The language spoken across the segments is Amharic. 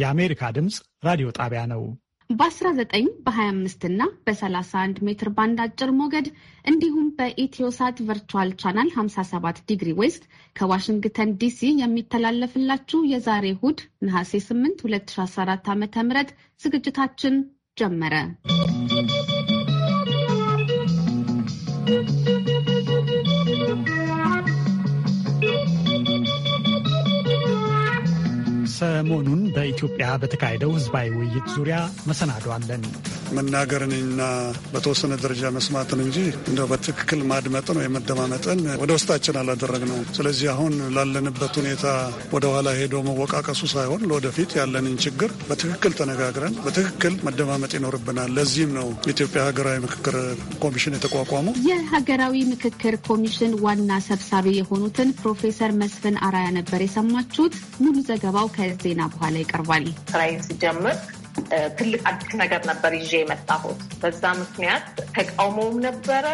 የአሜሪካ ድምፅ ራዲዮ ጣቢያ ነው። በ19 በ25 እና በ31 ሜትር ባንድ አጭር ሞገድ እንዲሁም በኢትዮሳት ቨርቹዋል ቻናል 57 ዲግሪ ዌስት ከዋሽንግተን ዲሲ የሚተላለፍላችሁ የዛሬ እሁድ ነሐሴ 8 2014 ዓ.ም ዝግጅታችን ጀመረ። ሰሞኑን በኢትዮጵያ በተካሄደው ህዝባዊ ውይይት ዙሪያ መሰናዶ አለን። መናገርንና በተወሰነ ደረጃ መስማትን እንጂ እንደ በትክክል ማድመጥን ወይም መደማመጥን ወደ ውስጣችን አላደረግነው። ስለዚህ አሁን ላለንበት ሁኔታ ወደኋላ ሄዶ መወቃቀሱ ሳይሆን ለወደፊት ያለንን ችግር በትክክል ተነጋግረን በትክክል መደማመጥ ይኖርብናል። ለዚህም ነው የኢትዮጵያ ሀገራዊ ምክክር ኮሚሽን የተቋቋመው። የሀገራዊ ምክክር ኮሚሽን ዋና ሰብሳቢ የሆኑትን ፕሮፌሰር መስፍን አራያ ነበር የሰማችሁት። ሙሉ ዘገባው ከ ዜና በኋላ ይቀርባል። ስራዬን ሲጀምር ትልቅ አዲስ ነገር ነበር ይዤ የመጣሁት። በዛ ምክንያት ተቃውሞውም ነበረ፣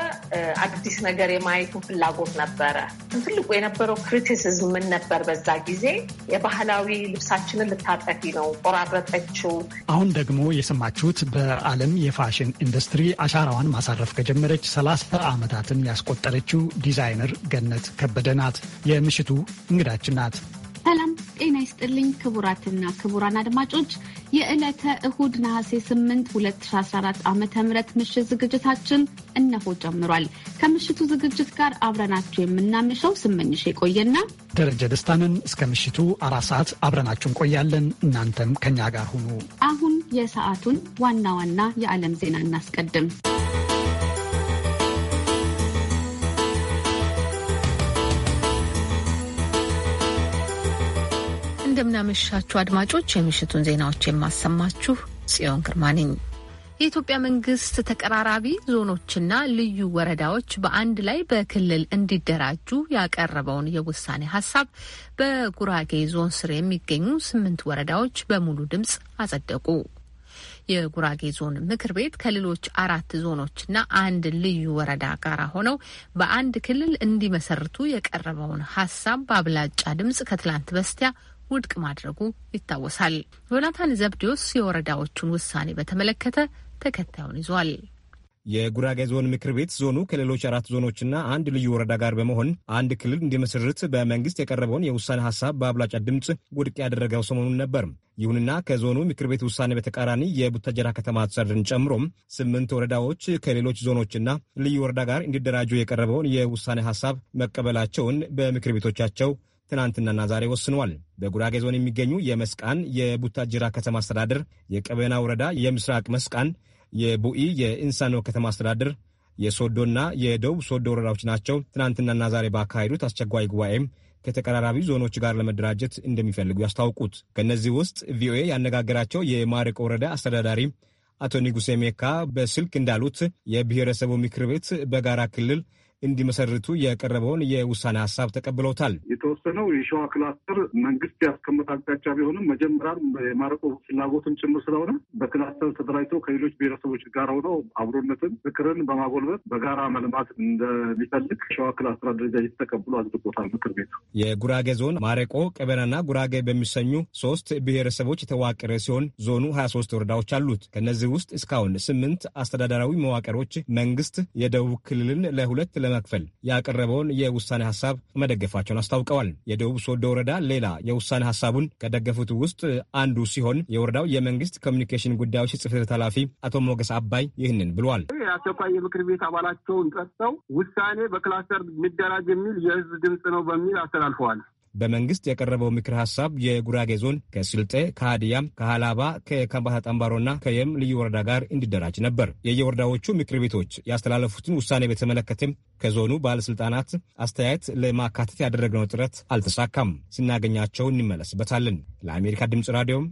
አዲስ ነገር የማየቱን ፍላጎት ነበረ። ትልቁ የነበረው ክሪቲሲዝም ምን ነበር? በዛ ጊዜ የባህላዊ ልብሳችንን ልታጠፊ ነው፣ ቆራረጠችው። አሁን ደግሞ የሰማችሁት በዓለም የፋሽን ኢንዱስትሪ አሻራዋን ማሳረፍ ከጀመረች ሰላሳ ዓመታትን ያስቆጠረችው ዲዛይነር ገነት ከበደ ናት፣ የምሽቱ እንግዳችን ናት። ሰላም ጤና ይስጥልኝ ክቡራትና ክቡራን አድማጮች የዕለተ እሁድ ነሐሴ 8 2014 ዓ ም ምሽት ዝግጅታችን እነሆ ጀምሯል። ከምሽቱ ዝግጅት ጋር አብረናችሁ የምናመሸው ስመኝሽ የቆየና ደረጀ ደስታንን እስከ ምሽቱ አራት ሰዓት አብረናችሁ እንቆያለን። እናንተም ከኛ ጋር ሁኑ። አሁን የሰዓቱን ዋና ዋና የዓለም ዜና እናስቀድም። እንደምናመሻችሁ አድማጮች፣ የምሽቱን ዜናዎች የማሰማችሁ ጽዮን ግርማ ነኝ። የኢትዮጵያ መንግስት ተቀራራቢ ዞኖችና ልዩ ወረዳዎች በአንድ ላይ በክልል እንዲደራጁ ያቀረበውን የውሳኔ ሀሳብ በጉራጌ ዞን ስር የሚገኙ ስምንት ወረዳዎች በሙሉ ድምፅ አጸደቁ። የጉራጌ ዞን ምክር ቤት ከሌሎች አራት ዞኖችና አንድ ልዩ ወረዳ ጋር ሆነው በአንድ ክልል እንዲመሰርቱ የቀረበውን ሀሳብ በአብላጫ ድምፅ ከትላንት በስቲያ ውድቅ ማድረጉ ይታወሳል። ዮናታን ዘብዴዎስ የወረዳዎቹን ውሳኔ በተመለከተ ተከታዩን ይዟል። የጉራጌ ዞን ምክር ቤት ዞኑ ከሌሎች አራት ዞኖችና አንድ ልዩ ወረዳ ጋር በመሆን አንድ ክልል እንዲመስርት በመንግስት የቀረበውን የውሳኔ ሀሳብ በአብላጫ ድምፅ ውድቅ ያደረገው ሰሞኑን ነበር። ይሁንና ከዞኑ ምክር ቤት ውሳኔ በተቃራኒ የቡታጀራ ከተማ አስተዳደርን ጨምሮም ስምንት ወረዳዎች ከሌሎች ዞኖችና ልዩ ወረዳ ጋር እንዲደራጁ የቀረበውን የውሳኔ ሀሳብ መቀበላቸውን በምክር ቤቶቻቸው ትናንትናና ዛሬ ወስኗል። በጉራጌ ዞን የሚገኙ የመስቃን የቡታጅራ ከተማ አስተዳደር፣ የቀበና ወረዳ የምስራቅ መስቃን፣ የቡኢ የኢንሳኖ ከተማ አስተዳደር የሶዶና የደቡብ ሶዶ ወረዳዎች ናቸው። ትናንትናና ዛሬ ባካሄዱት አስቸኳይ ጉባኤም ከተቀራራቢ ዞኖች ጋር ለመደራጀት እንደሚፈልጉ ያስታውቁት። ከእነዚህ ውስጥ ቪኦኤ ያነጋገራቸው የማረቆ ወረዳ አስተዳዳሪ አቶ ኒጉሴ ሜካ በስልክ እንዳሉት የብሔረሰቡ ምክር ቤት በጋራ ክልል እንዲመሰርቱ የቀረበውን የውሳኔ ሀሳብ ተቀብለውታል። የተወሰነው የሸዋ ክላስተር መንግስት ያስቀመጠ አቅጣጫ ቢሆንም መጀመሪያም የማረቆ ፍላጎትም ጭምር ስለሆነ በክላስተር ተደራጅቶ ከሌሎች ብሔረሰቦች ጋር ሆነው አብሮነትን፣ ፍቅርን በማጎልበት በጋራ መልማት እንደሚፈልግ ሸዋ ክላስተር አደረጃጀት ተቀብሎ አጽድቆታል ምክር ቤቱ። የጉራጌ ዞን ማረቆ፣ ቀበናና ጉራጌ በሚሰኙ ሶስት ብሔረሰቦች የተዋቀረ ሲሆን ዞኑ ሀያ ሶስት ወረዳዎች አሉት። ከእነዚህ ውስጥ እስካሁን ስምንት አስተዳደራዊ መዋቅሮች መንግስት የደቡብ ክልልን ለሁለት ለመክፈል ያቀረበውን የውሳኔ ሀሳብ መደገፋቸውን አስታውቀዋል። የደቡብ ሶዶ ወረዳ ሌላ የውሳኔ ሀሳቡን ከደገፉት ውስጥ አንዱ ሲሆን የወረዳው የመንግስት ኮሚኒኬሽን ጉዳዮች ጽፈት ቤት ኃላፊ አቶ ሞገስ አባይ ይህንን ብሏል። የአስቸኳይ የምክር ቤት አባላቸውን ጠርተው ውሳኔ በክላስተር ሚደራጅ የሚል የህዝብ ድምፅ ነው በሚል አስተላልፈዋል። በመንግስት የቀረበው ምክር ሀሳብ የጉራጌ ዞን ከስልጤ፣ ከሀዲያም፣ ከሀላባ፣ ከከምባታ ጠምባሮና ከየም ልዩ ወረዳ ጋር እንዲደራጅ ነበር። የየወረዳዎቹ ምክር ቤቶች ያስተላለፉትን ውሳኔ በተመለከተም ከዞኑ ባለስልጣናት አስተያየት ለማካተት ያደረግነው ጥረት አልተሳካም። ስናገኛቸው እንመለስበታለን። ለአሜሪካ ድምፅ ራዲዮም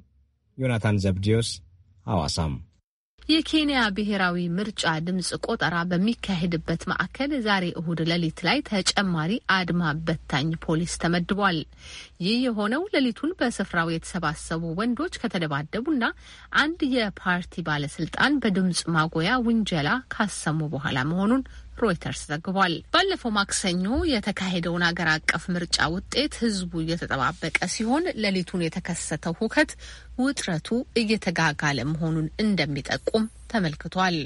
ዮናታን ዘብዲዮስ ሐዋሳም የኬንያ ብሔራዊ ምርጫ ድምጽ ቆጠራ በሚካሄድበት ማዕከል ዛሬ እሁድ ሌሊት ላይ ተጨማሪ አድማ በታኝ ፖሊስ ተመድቧል። ይህ የሆነው ሌሊቱን በስፍራው የተሰባሰቡ ወንዶች ከተደባደቡና አንድ የፓርቲ ባለስልጣን በድምጽ ማጉያ ውንጀላ ካሰሙ በኋላ መሆኑን ሮይተርስ ዘግቧል። ባለፈው ማክሰኞ የተካሄደውን አገር አቀፍ ምርጫ ውጤት ህዝቡ እየተጠባበቀ ሲሆን ሌሊቱን የተከሰተው ሁከት ውጥረቱ እየተጋጋለ መሆኑን እንደሚጠቁም ተመልክቷል።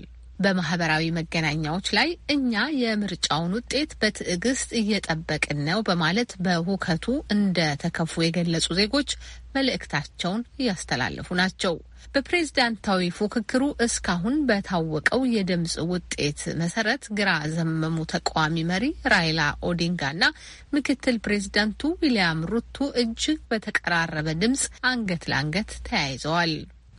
በማህበራዊ መገናኛዎች ላይ እኛ የምርጫውን ውጤት በትዕግስት እየጠበቅን ነው በማለት በሁከቱ እንደተከፉ የገለጹ ዜጎች መልእክታቸውን እያስተላለፉ ናቸው። በፕሬዝዳንታዊ ፉክክሩ እስካሁን በታወቀው የድምፅ ውጤት መሰረት ግራ ዘመሙ ተቃዋሚ መሪ ራይላ ኦዲንጋና ምክትል ፕሬዝዳንቱ ዊልያም ሩቱ እጅግ በተቀራረበ ድምፅ አንገት ለአንገት ተያይዘዋል።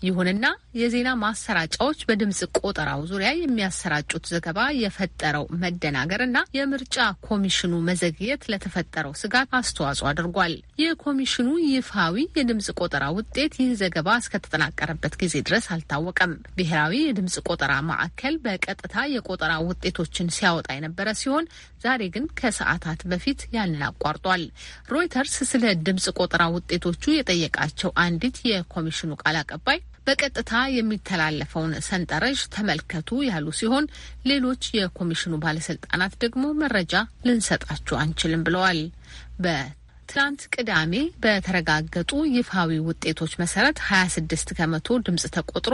ይሁንና የዜና ማሰራጫዎች በድምጽ ቆጠራው ዙሪያ የሚያሰራጩት ዘገባ የፈጠረው መደናገርና የምርጫ ኮሚሽኑ መዘግየት ለተፈጠረው ስጋት አስተዋጽኦ አድርጓል። የኮሚሽኑ ይፋዊ የድምፅ ቆጠራ ውጤት ይህ ዘገባ እስከተጠናቀረበት ጊዜ ድረስ አልታወቀም። ብሔራዊ የድምፅ ቆጠራ ማዕከል በቀጥታ የቆጠራ ውጤቶችን ሲያወጣ የነበረ ሲሆን ዛሬ ግን ከሰዓታት በፊት ያንን አቋርጧል። ሮይተርስ ስለ ድምጽ ቆጠራ ውጤቶቹ የጠየቃቸው አንዲት የኮሚሽኑ ቃል አቀባይ በቀጥታ የሚተላለፈውን ሰንጠረዥ ተመልከቱ ያሉ ሲሆን ሌሎች የኮሚሽኑ ባለስልጣናት ደግሞ መረጃ ልንሰጣችሁ አንችልም ብለዋል። በትናንት ቅዳሜ በተረጋገጡ ይፋዊ ውጤቶች መሰረት 26 ከመቶ ድምጽ ተቆጥሮ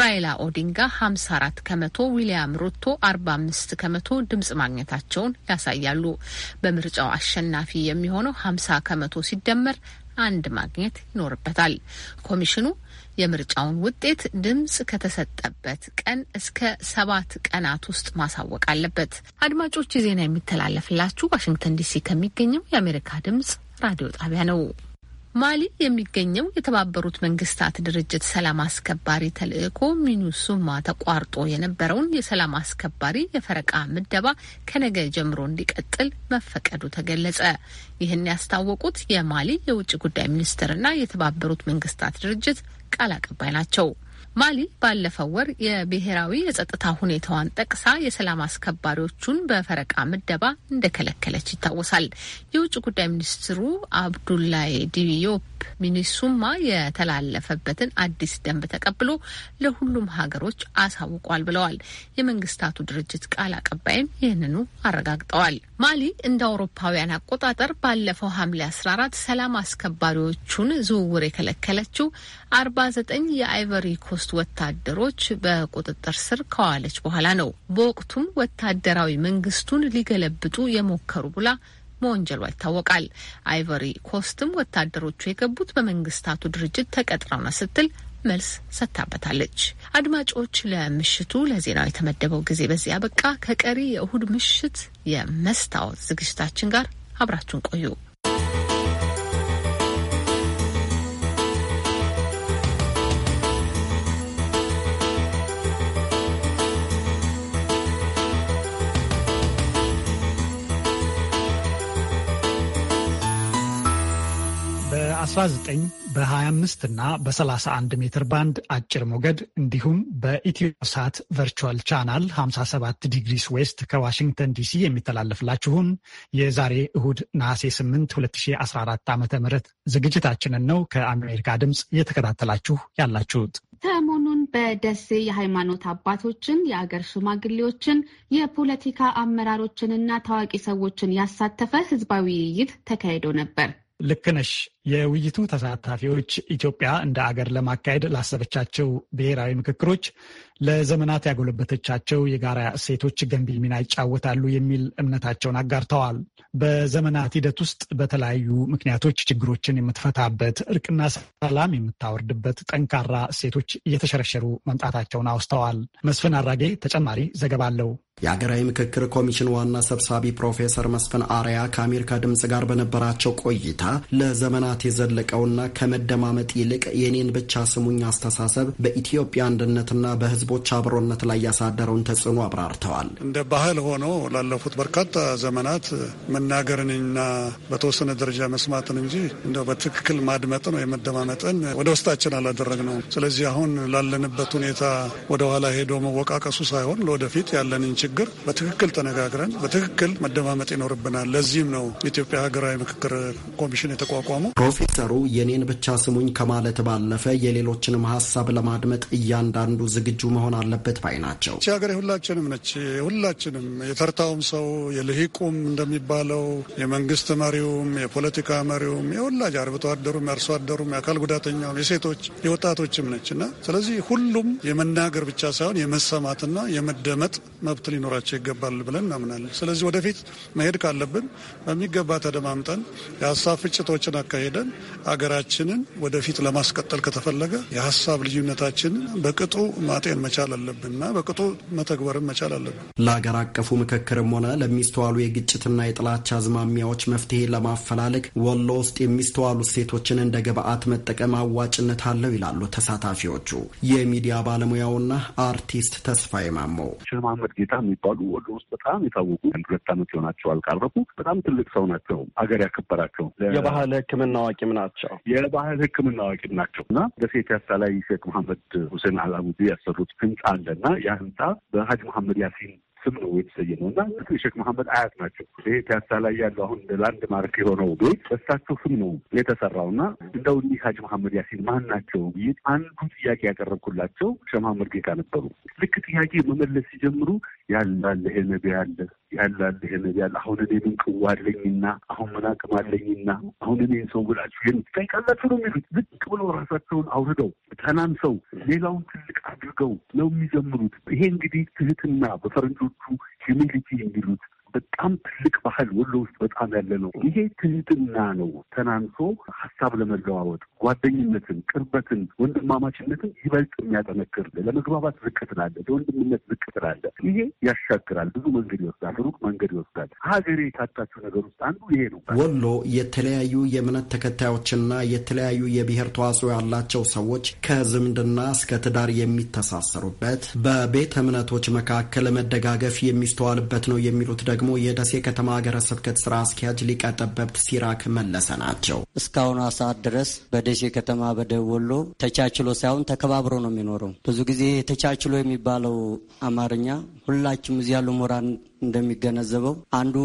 ራይላ ኦዲንጋ 54 ከመቶ፣ ዊሊያም ሩቶ 45 ከመቶ ድምጽ ማግኘታቸውን ያሳያሉ። በምርጫው አሸናፊ የሚሆነው 50 ከመቶ ሲደመር አንድ ማግኘት ይኖርበታል። ኮሚሽኑ የምርጫውን ውጤት ድምፅ ከተሰጠበት ቀን እስከ ሰባት ቀናት ውስጥ ማሳወቅ አለበት። አድማጮች፣ ዜና የሚተላለፍላችሁ ዋሽንግተን ዲሲ ከሚገኘው የአሜሪካ ድምፅ ራዲዮ ጣቢያ ነው። ማሊ የሚገኘው የተባበሩት መንግስታት ድርጅት ሰላም አስከባሪ ተልእኮ ሚኑሱማ ተቋርጦ የነበረውን የሰላም አስከባሪ የፈረቃ ምደባ ከነገ ጀምሮ እንዲቀጥል መፈቀዱ ተገለጸ። ይህን ያስታወቁት የማሊ የውጭ ጉዳይ ሚኒስትርና የተባበሩት መንግስታት ድርጅት ቃል አቀባይ ናቸው። ማሊ ባለፈው ወር የብሔራዊ የጸጥታ ሁኔታዋን ጠቅሳ የሰላም አስከባሪዎቹን በፈረቃ ምደባ እንደከለከለች ይታወሳል። የውጭ ጉዳይ ሚኒስትሩ አብዱላይ ዲዮፕ ሚኒሱማ የተላለፈበትን አዲስ ደንብ ተቀብሎ ለሁሉም ሀገሮች አሳውቋል ብለዋል። የመንግስታቱ ድርጅት ቃል አቀባይም ይህንኑ አረጋግጠዋል። ማሊ እንደ አውሮፓውያን አቆጣጠር ባለፈው ሐምሌ 14 ሰላም አስከባሪዎቹን ዝውውር የከለከለችው 49 የአይቨሪ ኮስት ወታደሮች በቁጥጥር ስር ከዋለች በኋላ ነው። በወቅቱም ወታደራዊ መንግስቱን ሊገለብጡ የሞከሩ ብላ መወንጀሏ ይታወቃል። አይቨሪ ኮስትም ወታደሮቹ የገቡት በመንግስታቱ ድርጅት ተቀጥረው ነው ስትል መልስ ሰጥታበታለች። አድማጮች፣ ለምሽቱ ለዜናው የተመደበው ጊዜ በዚህ አበቃ። ከቀሪ የእሁድ ምሽት የመስታወት ዝግጅታችን ጋር አብራችሁን ቆዩ። በ በ25 እና በ31 ሜትር ባንድ አጭር ሞገድ እንዲሁም በኢትዮ ሳት ቨርቹዋል ቻናል 57 ዲግሪስ ዌስት ከዋሽንግተን ዲሲ የሚተላለፍላችሁን የዛሬ እሁድ ነሐሴ 8 2014 ዓ ም ዝግጅታችንን ነው ከአሜሪካ ድምፅ እየተከታተላችሁ ያላችሁት። ሰሞኑን በደሴ የሃይማኖት አባቶችን፣ የአገር ሽማግሌዎችን፣ የፖለቲካ አመራሮችንና ታዋቂ ሰዎችን ያሳተፈ ህዝባዊ ውይይት ተካሂዶ ነበር። ልክነሽ የውይይቱ ተሳታፊዎች ኢትዮጵያ እንደ አገር ለማካሄድ ላሰበቻቸው ብሔራዊ ምክክሮች ለዘመናት ያጎለበተቻቸው የጋራ እሴቶች ገንቢ ሚና ይጫወታሉ የሚል እምነታቸውን አጋርተዋል። በዘመናት ሂደት ውስጥ በተለያዩ ምክንያቶች ችግሮችን የምትፈታበት፣ እርቅና ሰላም የምታወርድበት ጠንካራ እሴቶች እየተሸረሸሩ መምጣታቸውን አውስተዋል። መስፍን አራጌ ተጨማሪ ዘገባ አለው። የአገራዊ ምክክር ኮሚሽን ዋና ሰብሳቢ ፕሮፌሰር መስፍን አርያ ከአሜሪካ ድምፅ ጋር በነበራቸው ቆይታ ለዘመናት የዘለቀውና ከመደማመጥ ይልቅ የኔን ብቻ ስሙኝ አስተሳሰብ በኢትዮጵያ አንድነትና በሕዝቦች አብሮነት ላይ ያሳደረውን ተጽዕኖ አብራርተዋል። እንደ ባህል ሆኖ ላለፉት በርካታ ዘመናት መናገርንና በተወሰነ ደረጃ መስማትን እንጂ እንደ በትክክል ማድመጥን ወይ መደማመጥን ወደ ውስጣችን አላደረግ ነው። ስለዚህ አሁን ላለንበት ሁኔታ ወደኋላ ሄዶ መወቃቀሱ ሳይሆን ለወደፊት ያለንን ችግር በትክክል ተነጋግረን በትክክል መደማመጥ ይኖርብናል። ለዚህም ነው የኢትዮጵያ ሀገራዊ ምክክር ኮሚሽን የተቋቋመው። ፕሮፌሰሩ የኔን ብቻ ስሙኝ ከማለት ባለፈ የሌሎችንም ሀሳብ ለማድመጥ እያንዳንዱ ዝግጁ መሆን አለበት ባይ ናቸው። እቺ ሀገር የሁላችንም ነች። የሁላችንም የተርታውም ሰው የልሂቁም እንደሚባለው የመንግስት መሪውም የፖለቲካ መሪውም የወላጅ አርብቶ አደሩም የአርሶ አደሩም የአካል ጉዳተኛውም የሴቶች የወጣቶችም ነች እና ስለዚህ ሁሉም የመናገር ብቻ ሳይሆን የመሰማትና የመደመጥ መብት ሊኖራቸው ይገባል ብለን እናምናለን። ስለዚህ ወደፊት መሄድ ካለብን በሚገባ ተደማምጠን የሀሳብ ፍጭቶችን አካሄደን አገራችንን ወደፊት ለማስቀጠል ከተፈለገ የሀሳብ ልዩነታችንን በቅጡ ማጤን መቻል እና በቅጡ መተግበርን መቻል አለብን። ለአገር አቀፉ ምክክርም ሆነ ለሚስተዋሉ የግጭትና የጥላቻ አዝማሚያዎች መፍትሄ ለማፈላለግ ወሎ ውስጥ የሚስተዋሉ ሴቶችን እንደ ግብአት መጠቀም አዋጭነት አለው ይላሉ ተሳታፊዎቹ የሚዲያ ባለሙያውና አርቲስት ተስፋዬ ማሞ ሽልማመድ ጌታ የሚባሉ ወደ ውስጥ በጣም የታወቁ አንድ ሁለት ዓመት ይሆናቸው አልቃረፉ በጣም ትልቅ ሰው ናቸው። ሀገር ያከበራቸው የባህል ሕክምና አዋቂም ናቸው። የባህል ሕክምና አዋቂም ናቸው እና ደሴ ፒያሳ ላይ ሼክ መሐመድ ሁሴን አላሙዲ ያሰሩት ህንፃ እና ያ ህንፃ በሀጅ መሐመድ ያሲን ስም ነው የተሰየ ነው እና እንግዲህ ሼክ መሐመድ አያት ናቸው። ይሄ ፒያሳ ላይ ያለው አሁን ላንድ ማርክ የሆነው ቤት በሳቸው ስም ነው የተሰራው እና እንደው እኒህ ሀጅ መሐመድ ያሲን ማን ናቸው ብዬ አንዱ ጥያቄ ያቀረብኩላቸው ሼክ መሐመድ ጌታ ነበሩ። ልክ ጥያቄ መመለስ ሲጀምሩ ያላለ ይሄ ነቢ ያለ ያላት ይሄ ነገር ያለ አሁን እኔ ምን ቅዋ አለኝና አሁን ምን አቅም አለኝና አሁን እኔ ሰው ብላችሁ ይህን ትጠይቃላችሁ ነው የሚሉት። ዝቅ ብሎ ራሳቸውን አውርደው ተናንሰው ሌላውን ትልቅ አድርገው ነው የሚጀምሩት። ይሄ እንግዲህ ትህትና በፈረንጆቹ ሂሚሊቲ የሚሉት በጣም ትልቅ ባህል ወሎ ውስጥ በጣም ያለ ነው። ይሄ ትህትና ነው። ተናንሶ ሀሳብ ለመለዋወጥ ጓደኝነትን፣ ቅርበትን፣ ወንድማማችነትን ይበልጥ የሚያጠነክር ለመግባባት ዝቅ ለወንድምነት ዝቅ ይሄ ያሻግራል። ብዙ መንገድ ይወስዳል፣ ሩቅ መንገድ ይወስዳል። ሀገሬ ካጣችው ነገር ውስጥ አንዱ ይሄ ነው። ወሎ የተለያዩ የእምነት ተከታዮችና የተለያዩ የብሔር ተዋጽኦ ያላቸው ሰዎች ከዝምድና እስከ ትዳር የሚተሳሰሩበት በቤተ እምነቶች መካከል መደጋገፍ የሚስተዋልበት ነው የሚሉት ደግሞ ደግሞ የደሴ ከተማ ሀገረ ስብከት ስራ አስኪያጅ ሊቀ ጠበብት ሲራክ መለሰ ናቸው። እስካሁኗ ሰዓት ድረስ በደሴ ከተማ በደቡብ ወሎ ተቻችሎ ሳይሆን ተከባብሮ ነው የሚኖረው። ብዙ ጊዜ ተቻችሎ የሚባለው አማርኛ ሁላችም እዚህ ያሉ ምሁራን እንደሚገነዘበው አንዱ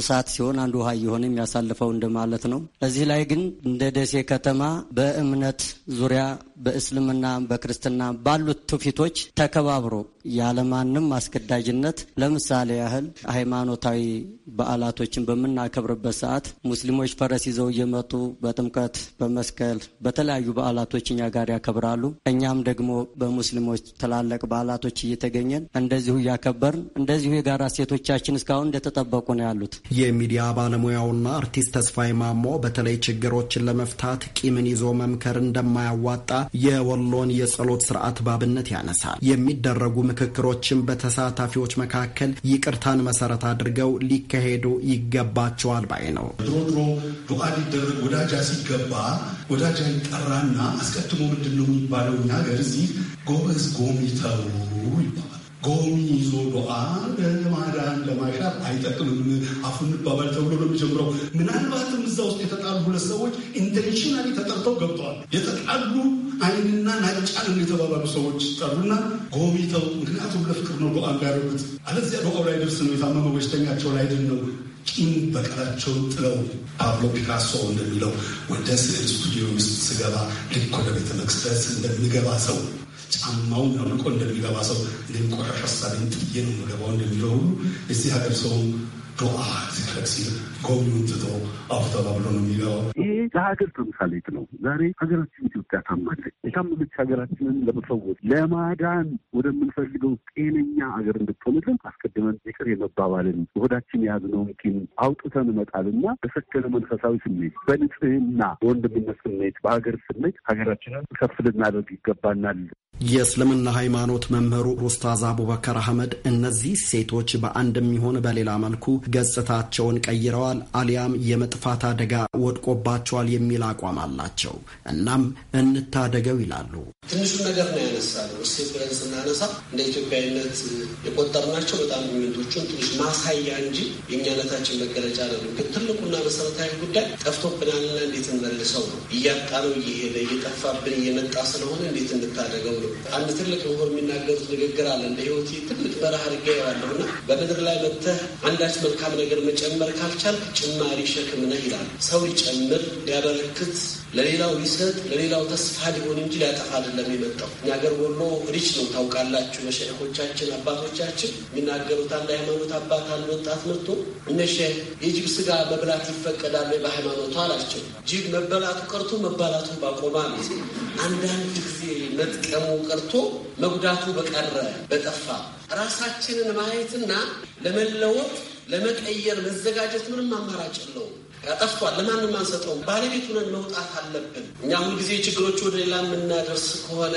እሳት ሲሆን አንዱ ውሃ እየሆነ የሚያሳልፈው እንደማለት ነው። እዚህ ላይ ግን እንደ ደሴ ከተማ በእምነት ዙሪያ በእስልምና፣ በክርስትና ባሉት ትውፊቶች ተከባብሮ ያለማንም አስገዳጅነት ለምሳሌ ያህል ሃይማኖታዊ በዓላቶችን በምናከብርበት ሰዓት ሙስሊሞች ፈረስ ይዘው እየመጡ በጥምቀት፣ በመስቀል በተለያዩ በዓላቶች እኛ ጋር ያከብራሉ። እኛም ደግሞ በሙስሊሞች ትላልቅ በዓላቶች እየተገኘን እንደዚሁ እያከበርን እንደዚሁ የጋራ ሴቶች ደንበኞቻችን እስካሁን እንደተጠበቁ ነው ያሉት። የሚዲያ ባለሙያውና አርቲስት ተስፋይ ማሞ በተለይ ችግሮችን ለመፍታት ቂምን ይዞ መምከር እንደማያዋጣ የወሎን የጸሎት ስርዓት ባብነት ያነሳል። የሚደረጉ ምክክሮችን በተሳታፊዎች መካከል ይቅርታን መሰረት አድርገው ሊካሄዱ ይገባቸዋል ባይ ነው። ድሮ ድሮ ዱዓ ሊደረግ ወዳጃ ሲገባ ወዳጃ ይጠራና አስቀድሞ ምንድነው የሚባለው? እኛ እዚህ ጎበዝ ጎሚተው ይባል ጎን ይዞ ዶዓ ለማዳን ለማሻር አይጠቅምም። አፉን ባባል ተብሎ ነው የሚጀምረው። ምናልባትም እዛ ውስጥ የተጣሉ ሁለት ሰዎች ኢንቴንሽናሊ ተጠርተው ገብተዋል። የተጣሉ አይንና ናጫን የተባባሉ ሰዎች ጠሩና ጎሚተው፣ ምክንያቱም ለፍቅር ነው ዶዓ እንዳያደርጉት፣ አለዚያ ዶዓው ላይ ደርስ ነው የታመመ በሽተኛቸው ላይ ድን ነው። ቂም በቀላቸው ጥለው ፓብሎ ፒካሶ እንደሚለው ወደ ስዕል ስቱዲዮ ውስጥ ስገባ ልክ ወደ ቤተ መቅደስ እንደሚገባ ሰው ጫማውን አውልቆ እንደሚገባ ሰው እንደሚቆሻሽ ሀሳብ ብዬ ነው የምገባው እንደሚለው ሁሉ የዚህ ሀገር ሰው ዱዓ ሲያደርግ ሲል ጎብኙን ትቶ አፍጠላ ነው የሚገባው። ይሄ ለሀገር ተምሳሌት ነው። ዛሬ ሀገራችን ኢትዮጵያ ታማለች። የታመመች ሀገራችንን ለመፈወስ ለማዳን ወደምንፈልገው ጤነኛ ሀገር እንድትሆንልን አስቀድመን ይቅር የመባባልን ሆዳችን የያዝነውን ቂም አውጥተን እመጣልና በሰከነ መንፈሳዊ ስሜት፣ በንጽህና፣ በወንድምነት ስሜት፣ በሀገር ስሜት ሀገራችንን ከፍ ልናደርግ ይገባናል። የእስልምና ሃይማኖት መምህሩ ኡስታዝ አቡበከር አህመድ እነዚህ ሴቶች በአንድ የሚሆን በሌላ መልኩ ገጽታቸውን ቀይረዋል ተጥለዋል አሊያም የመጥፋት አደጋ ወድቆባቸዋል የሚል አቋም አላቸው። እናም እንታደገው ይላሉ። ትንሹ ነገር ነው ያነሳነው። እሴት ብለን ስናነሳ እንደ ኢትዮጵያዊነት የቆጠርናቸው በጣም ኢቨንቶቹን ትንሽ ማሳያ እንጂ የእኛነታችን መገለጫ ነው። ግን ትልቁና መሰረታዊ ጉዳይ ጠፍቶብናልና እንዴት እንመልሰው ነው። እያጣነው እየሄደ እየጠፋብን እየመጣ ስለሆነ እንዴት እንታደገው ነው። አንድ ትልቅ ምሁር የሚናገሩት ንግግር አለ። እንደ ህይወት ትልቅ በረሃ ርጌ ያለሁና በምድር ላይ መጥተህ አንዳች መልካም ነገር መጨመር ካልቻል ጭማሪ ሸክም ነህ ይላል። ሰው ሊጨምር ሊያበረክት፣ ለሌላው ሊሰጥ፣ ለሌላው ተስፋ ሊሆን እንጂ ሊያጠፋ አይደለም የመጣው። እኛ አገር ወሎ ሪች ነው ታውቃላችሁ። መሸይኮቻችን አባቶቻችን የሚናገሩት አንድ ሃይማኖት አባት አንድ ወጣት መጥቶ እነሸ የጅብ ስጋ መብላት ይፈቀዳል በሃይማኖቱ አላቸው። ጅብ መበላቱ ቀርቶ መባላቱ ባቆማ ነው። አንዳንድ ጊዜ መጥቀሙ ቀርቶ መጉዳቱ በቀረ በጠፋ ራሳችንን ማየትና ለመለወጥ ለመቀየር መዘጋጀት ምንም አማራጭ የለውም። ያጠፍቷል። ለማንም አንሰጠውም። ባለቤት መውጣት አለብን። እኛ ሁልጊዜ ችግሮቹ ወደ ሌላ የምናደርስ ከሆነ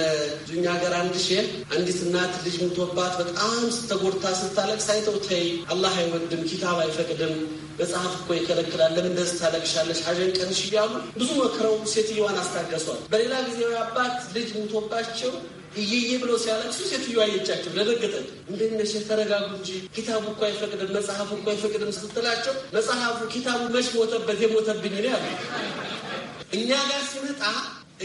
እኛ ሀገር አንድ ሺ አንዲት እናት ልጅ ሙቶባት በጣም ስተጎድታ ስታለቅ ሳይተው ተይ፣ አላህ አይወድም፣ ኪታብ አይፈቅድም፣ መጽሐፍ እኮ ይከለክላል፣ ለምን ደስ ታለቅሻለች፣ ሀጀን ቀንሽ እያሉ ብዙ መክረው ሴትየዋን አስታገሷል። በሌላ ጊዜ አባት ልጅ ሙቶባቸው? እየየ ብለው ሲያለቅሱ ሴትዮዋ አየቻቸው፣ ደነገጠች። እንደነሽ ተረጋጉ እንጂ ኪታቡ እኮ አይፈቅድም፣ መጽሐፉ እኮ አይፈቅድም ስትላቸው መጽሐፉ ኪታቡ መች ሞተበት የሞተብኝ ነው ያሉ እኛ ጋር ሲመጣ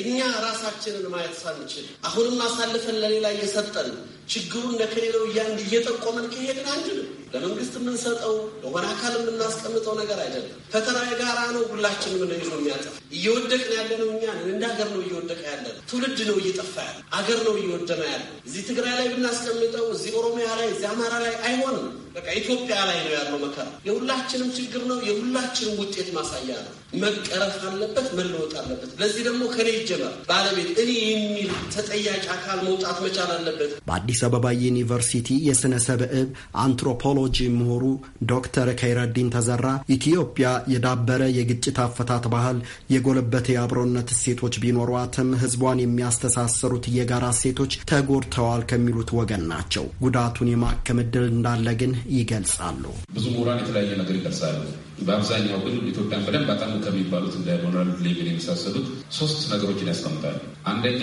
እኛ ራሳችንን ማየት ሳንችል አሁንም አሳልፈን ለሌላ እየሰጠን ችግሩን ለከሌለው እያንድ እየጠቆመን ከሄድን አንድንም ለመንግስት የምንሰጠው ለሆነ አካል የምናስቀምጠው ነገር አይደለም። ፈተና የጋራ ነው። ሁላችንም ነው የሚያጠፋ እየወደቅን ያለ ነው። እኛ እንደ ሀገር ነው እየወደቀ ያለ ትውልድ ነው እየጠፋ ያለ፣ አገር ነው እየወደመ ያለ። እዚህ ትግራይ ላይ ብናስቀምጠው፣ እዚህ ኦሮሚያ ላይ፣ እዚህ አማራ ላይ አይሆንም። በቃ ኢትዮጵያ ላይ ነው ያለው መከራ። የሁላችንም ችግር ነው። የሁላችንም ውጤት ማሳያ ነው። መቀረፍ አለበት፣ መለወጥ አለበት። ለዚህ ደግሞ ከኔ ይጀመር ባለቤት እኔ የሚል ተጠያቂ አካል መውጣት መቻል አለበት። በአዲስ አበባ ዩኒቨርሲቲ የስነ ሰብዕብ አንትሮፖሎጂ ምሁሩ ዶክተር ከይረዲን ተዘራ ኢትዮጵያ የዳበረ የግጭት አፈታት ባህል፣ የጎለበተ የአብሮነት እሴቶች ቢኖሯትም ህዝቧን የሚያስተሳሰሩት የጋራ እሴቶች ተጎድተዋል ከሚሉት ወገን ናቸው። ጉዳቱን የማከም እድል እንዳለ ግን ይገልጻሉ። ብዙ ምሁራን የተለያየ ነገር ይገልጻሉ። በአብዛኛው ግን ኢትዮጵያን በደንብ አጠኑ ከሚባሉት እንደ ዶናልድ ሌቪን የመሳሰሉት ሶስት ነገሮችን ያስቀምጣሉ። አንደኛ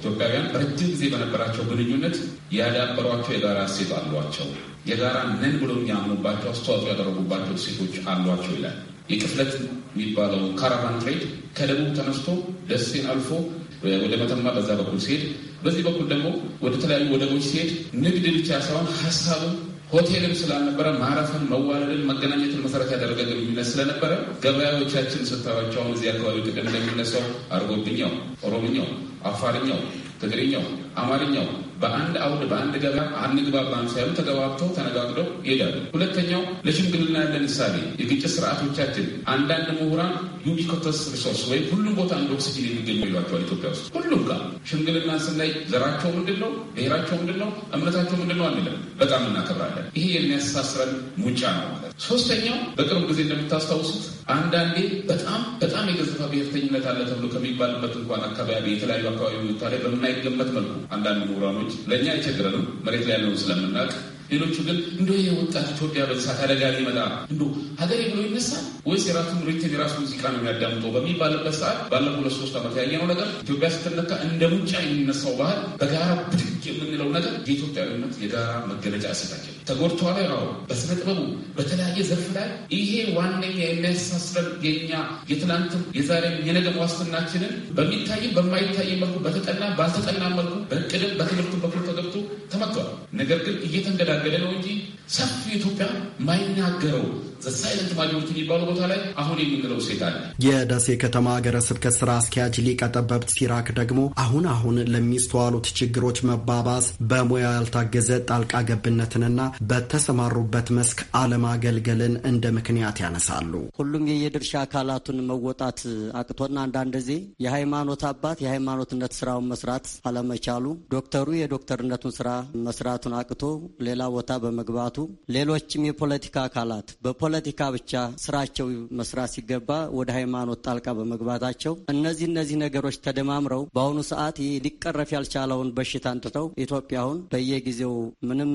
ኢትዮጵያውያን ረጅም ጊዜ በነበራቸው ግንኙነት ያዳበሯቸው የጋራ እሴት አሏቸው፣ የጋራ ነን ብሎ የሚያምኑባቸው አስተዋጽኦ ያደረጉባቸው እሴቶች አሏቸው ይላል። የቅፍለት የሚባለው ካራቫን ትሬድ ከደቡብ ተነስቶ ደሴን አልፎ ወደ መተማ በዛ በኩል ሲሄድ፣ በዚህ በኩል ደግሞ ወደ ተለያዩ ወደቦች ሲሄድ ንግድ ብቻ ሳይሆን ሀሳብም ሆቴልም ስላልነበረ ማረፍን፣ መዋለድን፣ መገናኘትን መሰረት ያደረገ ግንኙነት ስለነበረ ገበያዎቻችን ስታዩዋቸው አሁን እዚህ አካባቢ ጥቅም እንደሚነሳው አርጎብኛው፣ ኦሮምኛው፣ አፋርኛው፣ ትግርኛው፣ አማርኛው በአንድ አውድ በአንድ ገበያ አንግባባን ሳይሆን ተገባብተው ተነጋግደው ይሄዳሉ። ሁለተኛው ለሽምግልና ያለን እሳቤ የግጭት ስርዓቶቻችን አንዳንድ ምሁራን ዩቢኮተስ ሪሶርስ ወይም ሁሉም ቦታ እንደ ኦክሲጅን የሚገኙ ይሏቸዋል። ኢትዮጵያ ውስጥ ሁሉም ጋር ሽምግልና ስናይ ዘራቸው ምንድን ነው፣ ብሔራቸው ምንድን ነው፣ እምነታቸው ምንድን ነው አንለም። በጣም እናከብራለን። ይሄ የሚያሳስረን ሙጫ ነው ማለት። ሶስተኛው በቅርብ ጊዜ እንደምታስታውሱት አንዳንዴ በጣም በጣም የገዘፈ ብሔርተኝነት አለ ተብሎ ከሚባልበት እንኳን አካባቢ የተለያዩ አካባቢ ታዲያ በምናይገመት መልኩ አንዳንድ ምሁራኖች ለእኛ አይቸግረንም መሬት ላይ ያለውን ስለምናውቅ ሌሎቹ ግን እንደ የወጣት ኢትዮጵያ በእሳት አደጋ ሊመጣ እንዶ ሀገሬ ብሎ ይነሳል ወይስ የራሱ ሪትን የራሱ ሙዚቃ ነው የሚያዳምጠው በሚባልበት ሰዓት ባለፉ ሁለት ሶስት ዓመት ያየነው ነገር ኢትዮጵያ ስትነካ እንደ ሙጫ የሚነሳው ባህል በጋራ ብድግ የምንለው ነገር የኢትዮጵያዊነት የጋራ መገለጫ እሴታችን ተጎድተዋል። ያው በስነ ጥበቡ በተለያየ ዘርፍ ላይ ይሄ ዋነኛ የሚያሳስረን የኛ የትናንትም የዛሬም የነገም ዋስትናችንን በሚታይም በማይታይም መልኩ በተጠና ባልተጠና መልኩ በቅድም በትምህርቱ በኩል ተገብቶ ተመቷል። ነገር ግን እየተንገዳገደ ነው እንጂ ሰፊ ኢትዮጵያ ማይናገረው ሳይለንት ማጆሪቲ የሚባሉ ቦታ ላይ አሁን የምንለው ሴት አለ። የደሴ ከተማ ሀገረ ስብከት ስራ አስኪያጅ ሊቀ ጠበብት ሲራክ ደግሞ አሁን አሁን ለሚስተዋሉት ችግሮች መባባስ በሙያ ያልታገዘ ጣልቃ ገብነትንና በተሰማሩበት መስክ አለማገልገልን እንደ ምክንያት ያነሳሉ። ሁሉም የየድርሻ አካላቱን መወጣት አቅቶና አንዳንድ ጊዜ የሃይማኖት አባት የሃይማኖትነት ስራውን መስራት አለመቻሉ፣ ዶክተሩ የዶክተርነቱን ስራ መስራቱን አቅቶ ሌላ ቦታ በመግባቱ ሌሎችም የፖለቲካ አካላት በፖለ ፖለቲካ ብቻ ስራቸው መስራት ሲገባ ወደ ሃይማኖት ጣልቃ በመግባታቸው እነዚህ እነዚህ ነገሮች ተደማምረው በአሁኑ ሰዓት ሊቀረፍ ያልቻለውን በሽታ አንጥተው ኢትዮጵያውን በየጊዜው ምንም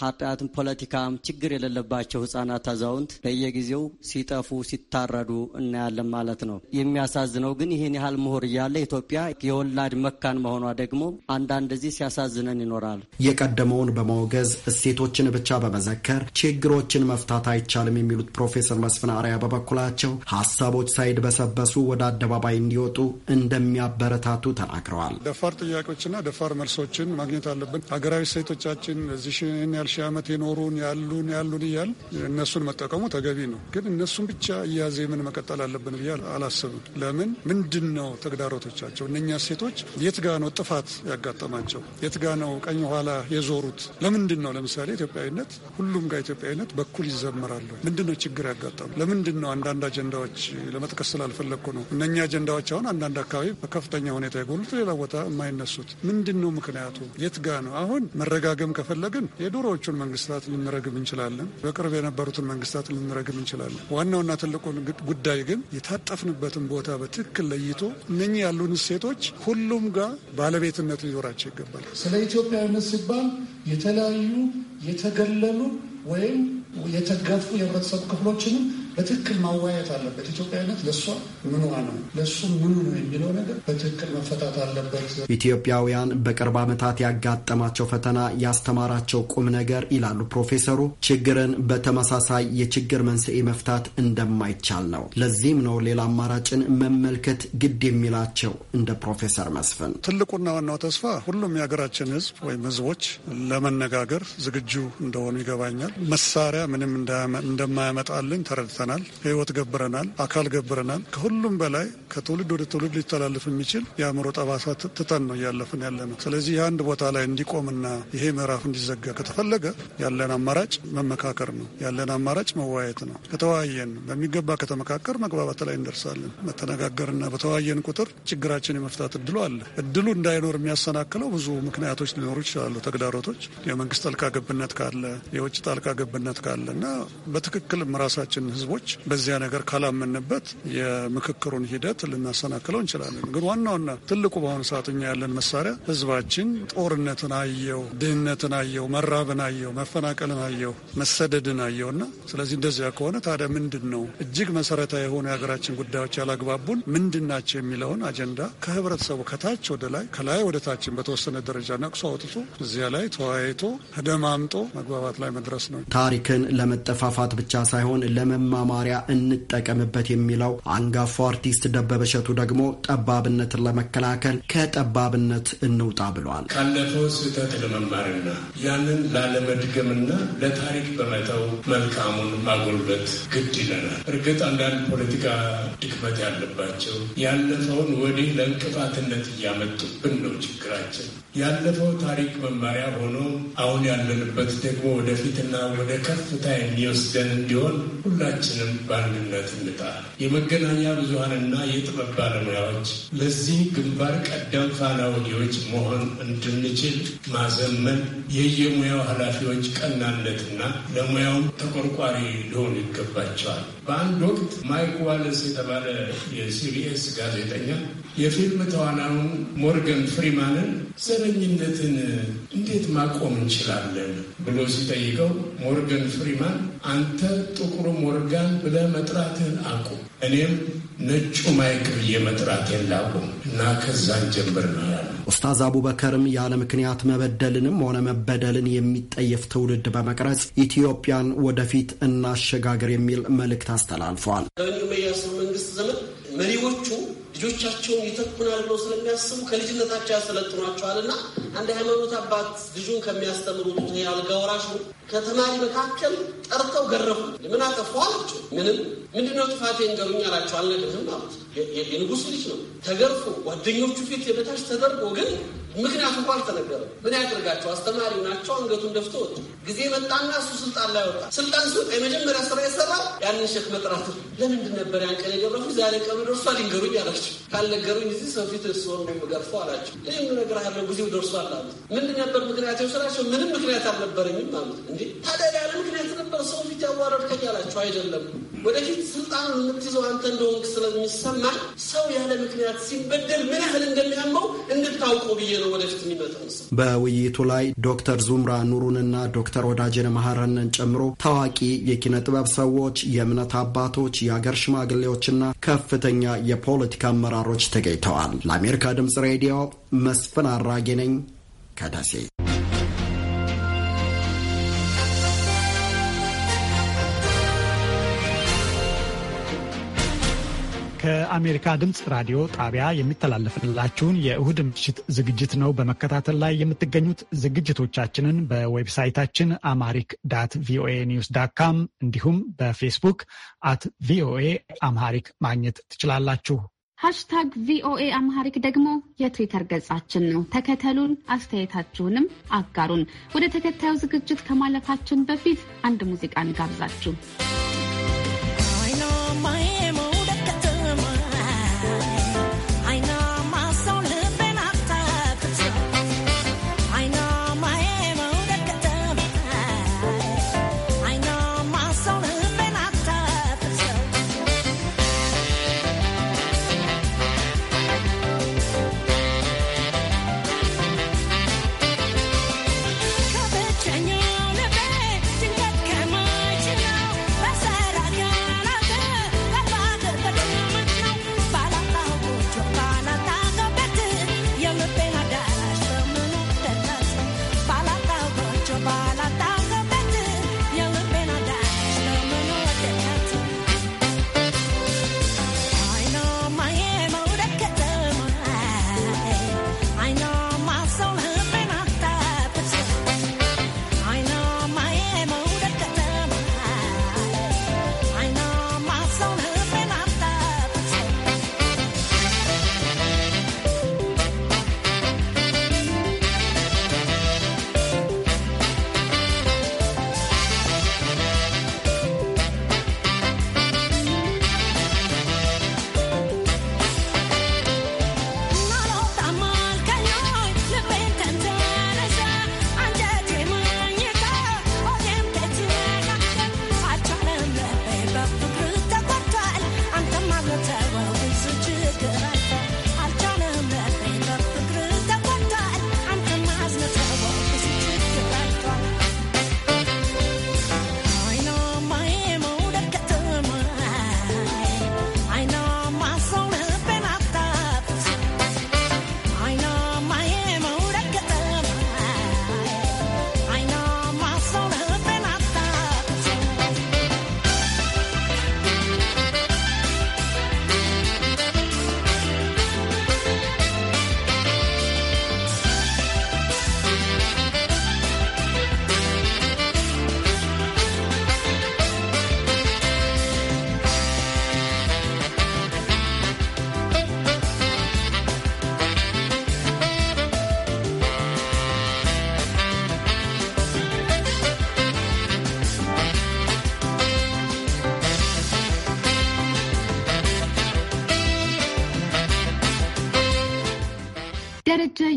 ኃጢአትም ፖለቲካም ችግር የሌለባቸው ህጻናት፣ አዛውንት በየጊዜው ሲጠፉ ሲታረዱ እናያለን ማለት ነው። የሚያሳዝነው ግን ይህን ያህል ምሁር እያለ ኢትዮጵያ የወላድ መካን መሆኗ ደግሞ አንዳንድ እዚህ ሲያሳዝነን ይኖራል። የቀደመውን በመውገዝ እሴቶችን ብቻ በመዘከር ችግሮችን መፍታት አይቻልም የሚሉት ፕሮፌሰር መስፍን አርያ በበኩላቸው ሀሳቦች ሳይድበሰበሱ ወደ አደባባይ እንዲወጡ እንደሚያበረታቱ ተናግረዋል። ደፋር ጥያቄዎችና ደፋር መልሶችን ማግኘት አለብን። ሀገራዊ ሴቶቻችን እዚህ ያል ሺህ ዓመት የኖሩን ያሉን ያሉን እያል እነሱን መጠቀሙ ተገቢ ነው። ግን እነሱን ብቻ እያዜምን መቀጠል አለብን ብያል አላስብም። ለምን ምንድን ነው ተግዳሮቶቻቸው? እነኛ ሴቶች የት ጋ ነው ጥፋት ያጋጠማቸው? የት ጋ ነው ቀኝ ኋላ የዞሩት? ለምንድን ነው ለምሳሌ ኢትዮጵያዊነት ሁሉም ጋር ኢትዮጵያዊነት በኩል ይዘምራሉ? ምንድን ነው ችግር ያጋጠሙ? ለምንድን ነው አንዳንድ አጀንዳዎች ለመጥቀስ ስላልፈለግኩ ነው። እነኛ አጀንዳዎች አሁን አንዳንድ አካባቢ በከፍተኛ ሁኔታ የጎሉት፣ ሌላ ቦታ የማይነሱት ምንድን ነው ምክንያቱ? የት ጋ ነው? አሁን መረጋገም ከፈለግን የድሮዎቹን መንግስታት ልንረግም እንችላለን። በቅርብ የነበሩትን መንግስታት ልንረግብ እንችላለን። ዋናውና ትልቁን ጉዳይ ግን የታጠፍንበትን ቦታ በትክክል ለይቶ እነኚህ ያሉን እሴቶች ሁሉም ጋር ባለቤትነት ሊኖራቸው ይገባል። ስለ ኢትዮጵያዊነት ሲባል የተለያዩ የተገለሉ ወይም የተገፉ የህብረተሰብ ክፍሎችንም በትክክል ማዋየት አለበት። ኢትዮጵያዊነት ለእሷ ምኗ ነው፣ ለእሱ ምኑ ነው የሚለው ነገር በትክክል መፈታት አለበት። ኢትዮጵያውያን በቅርብ ዓመታት ያጋጠማቸው ፈተና ያስተማራቸው ቁም ነገር ይላሉ ፕሮፌሰሩ፣ ችግርን በተመሳሳይ የችግር መንስኤ መፍታት እንደማይቻል ነው። ለዚህም ነው ሌላ አማራጭን መመልከት ግድ የሚላቸው። እንደ ፕሮፌሰር መስፍን ትልቁና ዋናው ተስፋ ሁሉም የሀገራችን ህዝብ ወይም ህዝቦች ለመነጋገር ዝግጁ እንደሆኑ ይገባኛል። መሳሪያ ምንም እንደማያመጣልኝ። ተረድተ ሰርተናል፣ ህይወት ገብረናል፣ አካል ገብረናል። ከሁሉም በላይ ከትውልድ ወደ ትውልድ ሊተላለፍ የሚችል የአእምሮ ጠባሳ ትተን ነው እያለፍን ያለ ነው። ስለዚህ የአንድ ቦታ ላይ እንዲቆምና ይሄ ምዕራፍ እንዲዘጋ ከተፈለገ ያለን አማራጭ መመካከር ነው። ያለን አማራጭ መወያየት ነው። ከተወያየን በሚገባ ከተመካከር መግባባት ላይ እንደርሳለን። መተነጋገርና በተወያየን ቁጥር ችግራችን የመፍታት እድሉ አለ። እድሉ እንዳይኖር የሚያሰናክለው ብዙ ምክንያቶች ሊኖሩ ይችላሉ። ተግዳሮቶች፣ የመንግስት ጣልቃ ገብነት ካለ፣ የውጭ ጣልቃ ገብነት ካለ እና በትክክልም ራሳችን ህዝቦ ሰዎች በዚያ ነገር ካላመንበት የምክክሩን ሂደት ልናሰናክለው እንችላለን። ግን ዋና ዋና ትልቁ በአሁኑ ሰዓት እኛ ያለን መሳሪያ ህዝባችን ጦርነትን አየው፣ ድህነትን አየው፣ መራብን አየው፣ መፈናቀልን አየው፣ መሰደድን አየው እና ስለዚህ እንደዚያ ከሆነ ታዲያ ምንድን ነው እጅግ መሰረታዊ የሆኑ የሀገራችን ጉዳዮች ያላግባቡን ምንድን ናቸው የሚለውን አጀንዳ ከህብረተሰቡ ከታች ወደ ላይ ከላይ ወደ ታችን በተወሰነ ደረጃ ነቅሶ አውጥቶ እዚያ ላይ ተወያይቶ ደማምጦ መግባባት ላይ መድረስ ነው። ታሪክን ለመጠፋፋት ብቻ ሳይሆን ለመማ ማማሪያ እንጠቀምበት የሚለው አንጋፋው አርቲስት ደበበ እሸቱ ደግሞ ጠባብነትን ለመከላከል ከጠባብነት እንውጣ ብሏል። ካለፈው ስህተት ለመማርና ያንን ላለመድገምና ለታሪክ በመተው መልካሙን ማጎልበት ግድ ይለናል። እርግጥ አንዳንድ ፖለቲካ ድክመት ያለባቸው ያለፈውን ወዲህ ለእንቅፋትነት እያመጡብን ነው ችግራችን። ያለፈው ታሪክ መማሪያ ሆኖ አሁን ያለንበት ደግሞ ወደፊትና ወደ ከፍታ የሚወስደን እንዲሆን ሁላችን ሁላችንም በአንድነት እንጣ። የመገናኛ ብዙሀንና የጥበብ ባለሙያዎች ለዚህ ግንባር ቀደም ፋናወጊዎች መሆን እንድንችል ማዘመን የየሙያው ኃላፊዎች ቀናነትና ለሙያውም ተቆርቋሪ ሊሆኑ ይገባቸዋል። በአንድ ወቅት ማይክ ዋለስ የተባለ የሲቢኤስ ጋዜጠኛ የፊልም ተዋናውን ሞርገን ፍሪማንን ዘረኝነትን እንዴት ማቆም እንችላለን ብሎ ሲጠይቀው ሞርገን ፍሪማን አንተ ጥቁሩ ሞርጋን ብለህ መጥራትህን አቁም፣ እኔም ነጩ ማይክ ብዬ መጥራቴን ላቁም እና ከዛን ጀምር ነው ያለ ኡስታዝ አቡበከርም ያለ ምክንያት መበደልንም ሆነ መበደልን የሚጠየፍ ትውልድ በመቅረጽ ኢትዮጵያን ወደፊት እናሸጋግር የሚል መልእክት አስተላልፏል። በሚመያሱ መንግስት ዘመን መሪዎቹ ልጆቻቸው ይተኩናል ብለው ስለሚያስቡ ከልጅነታቸው ያሰለጥኗቸዋል እና አንድ ሃይማኖት አባት ልጁን ከሚያስተምሩት አልጋ ወራሹ ከተማሪ መካከል ጠርተው ገረፉ። ምን አጠፉ አላቸው። ምንም ምንድነው ጥፋቴ ንገሩኝ አላቸው። አልነግርህም አሉት። የንጉሱ ልጅ ነው። ተገርፎ ጓደኞቹ ፊት የበታች ተደርጎ ግን ምክንያቱ እንኳ አልተነገረም። ምን ያደርጋቸው አስተማሪው ናቸው። አንገቱን ደፍቶ ጊዜ መጣና እሱ ስልጣን ላይ ወጣ። ስልጣን ሲወጣ የመጀመሪያ ስራ የሰራ ያንን ሸክ መጥራት። ለምንድን ነበር ያን ቀን የገረፉ ዛሬ ቀኑ ደርሷል ይንገሩኝ አላቸው። ካልነገሩኝ እዚህ ሰው ፊት ስሆን ነው የምገርፈው አላቸው። ይህም ነገር አለው ጊዜው ደርሷል አሉት። ምንድን ነበር ምክንያት ስራቸው? ምንም ምክንያት አልነበረኝም አሉት። እንዴ ታዲያ ያለ ምክንያት ነበር ሰው ፊት ያዋረድከኝ አላቸው። አይደለም ወደፊት ስልጣን የምትይዘው አንተ እንደሆንክ ስለሚሰማኝ ሰው ያለ ምክንያት ሲበደል ምን ያህል እንደሚያመው እንድታውቀው ብዬ ነው ነው ወደፊት የሚመጣው። በውይይቱ ላይ ዶክተር ዙምራ ኑሩንና ዶክተር ወዳጅን መሐረንን ጨምሮ ታዋቂ የኪነ ጥበብ ሰዎች፣ የእምነት አባቶች፣ የአገር ሽማግሌዎችና ከፍተኛ የፖለቲካ አመራሮች ተገኝተዋል። ለአሜሪካ ድምጽ ሬዲዮ መስፍን አራጌ ነኝ ከደሴ። ከአሜሪካ ድምፅ ራዲዮ ጣቢያ የሚተላለፍላችሁን የእሁድ ምሽት ዝግጅት ነው በመከታተል ላይ የምትገኙት። ዝግጅቶቻችንን በዌብሳይታችን አማሪክ ዳት ቪኦኤ ኒውስ ዳት ካም እንዲሁም በፌስቡክ አት ቪኦኤ አምሃሪክ ማግኘት ትችላላችሁ። ሃሽታግ ቪኦኤ አምሃሪክ ደግሞ የትዊተር ገጻችን ነው። ተከተሉን፣ አስተያየታችሁንም አጋሩን። ወደ ተከታዩ ዝግጅት ከማለፋችን በፊት አንድ ሙዚቃን ጋብዛችሁ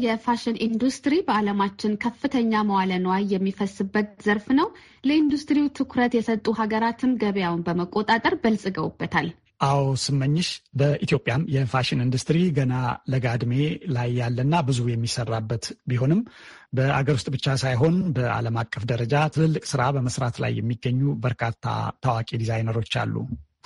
የፋሽን ኢንዱስትሪ በዓለማችን ከፍተኛ መዋለ ንዋይ የሚፈስበት ዘርፍ ነው። ለኢንዱስትሪው ትኩረት የሰጡ ሀገራትም ገበያውን በመቆጣጠር በልጽገውበታል። አዎ ስመኝሽ፣ በኢትዮጵያም የፋሽን ኢንዱስትሪ ገና ለጋ ዕድሜ ላይ ያለና ብዙ የሚሰራበት ቢሆንም በአገር ውስጥ ብቻ ሳይሆን በዓለም አቀፍ ደረጃ ትልልቅ ስራ በመስራት ላይ የሚገኙ በርካታ ታዋቂ ዲዛይነሮች አሉ።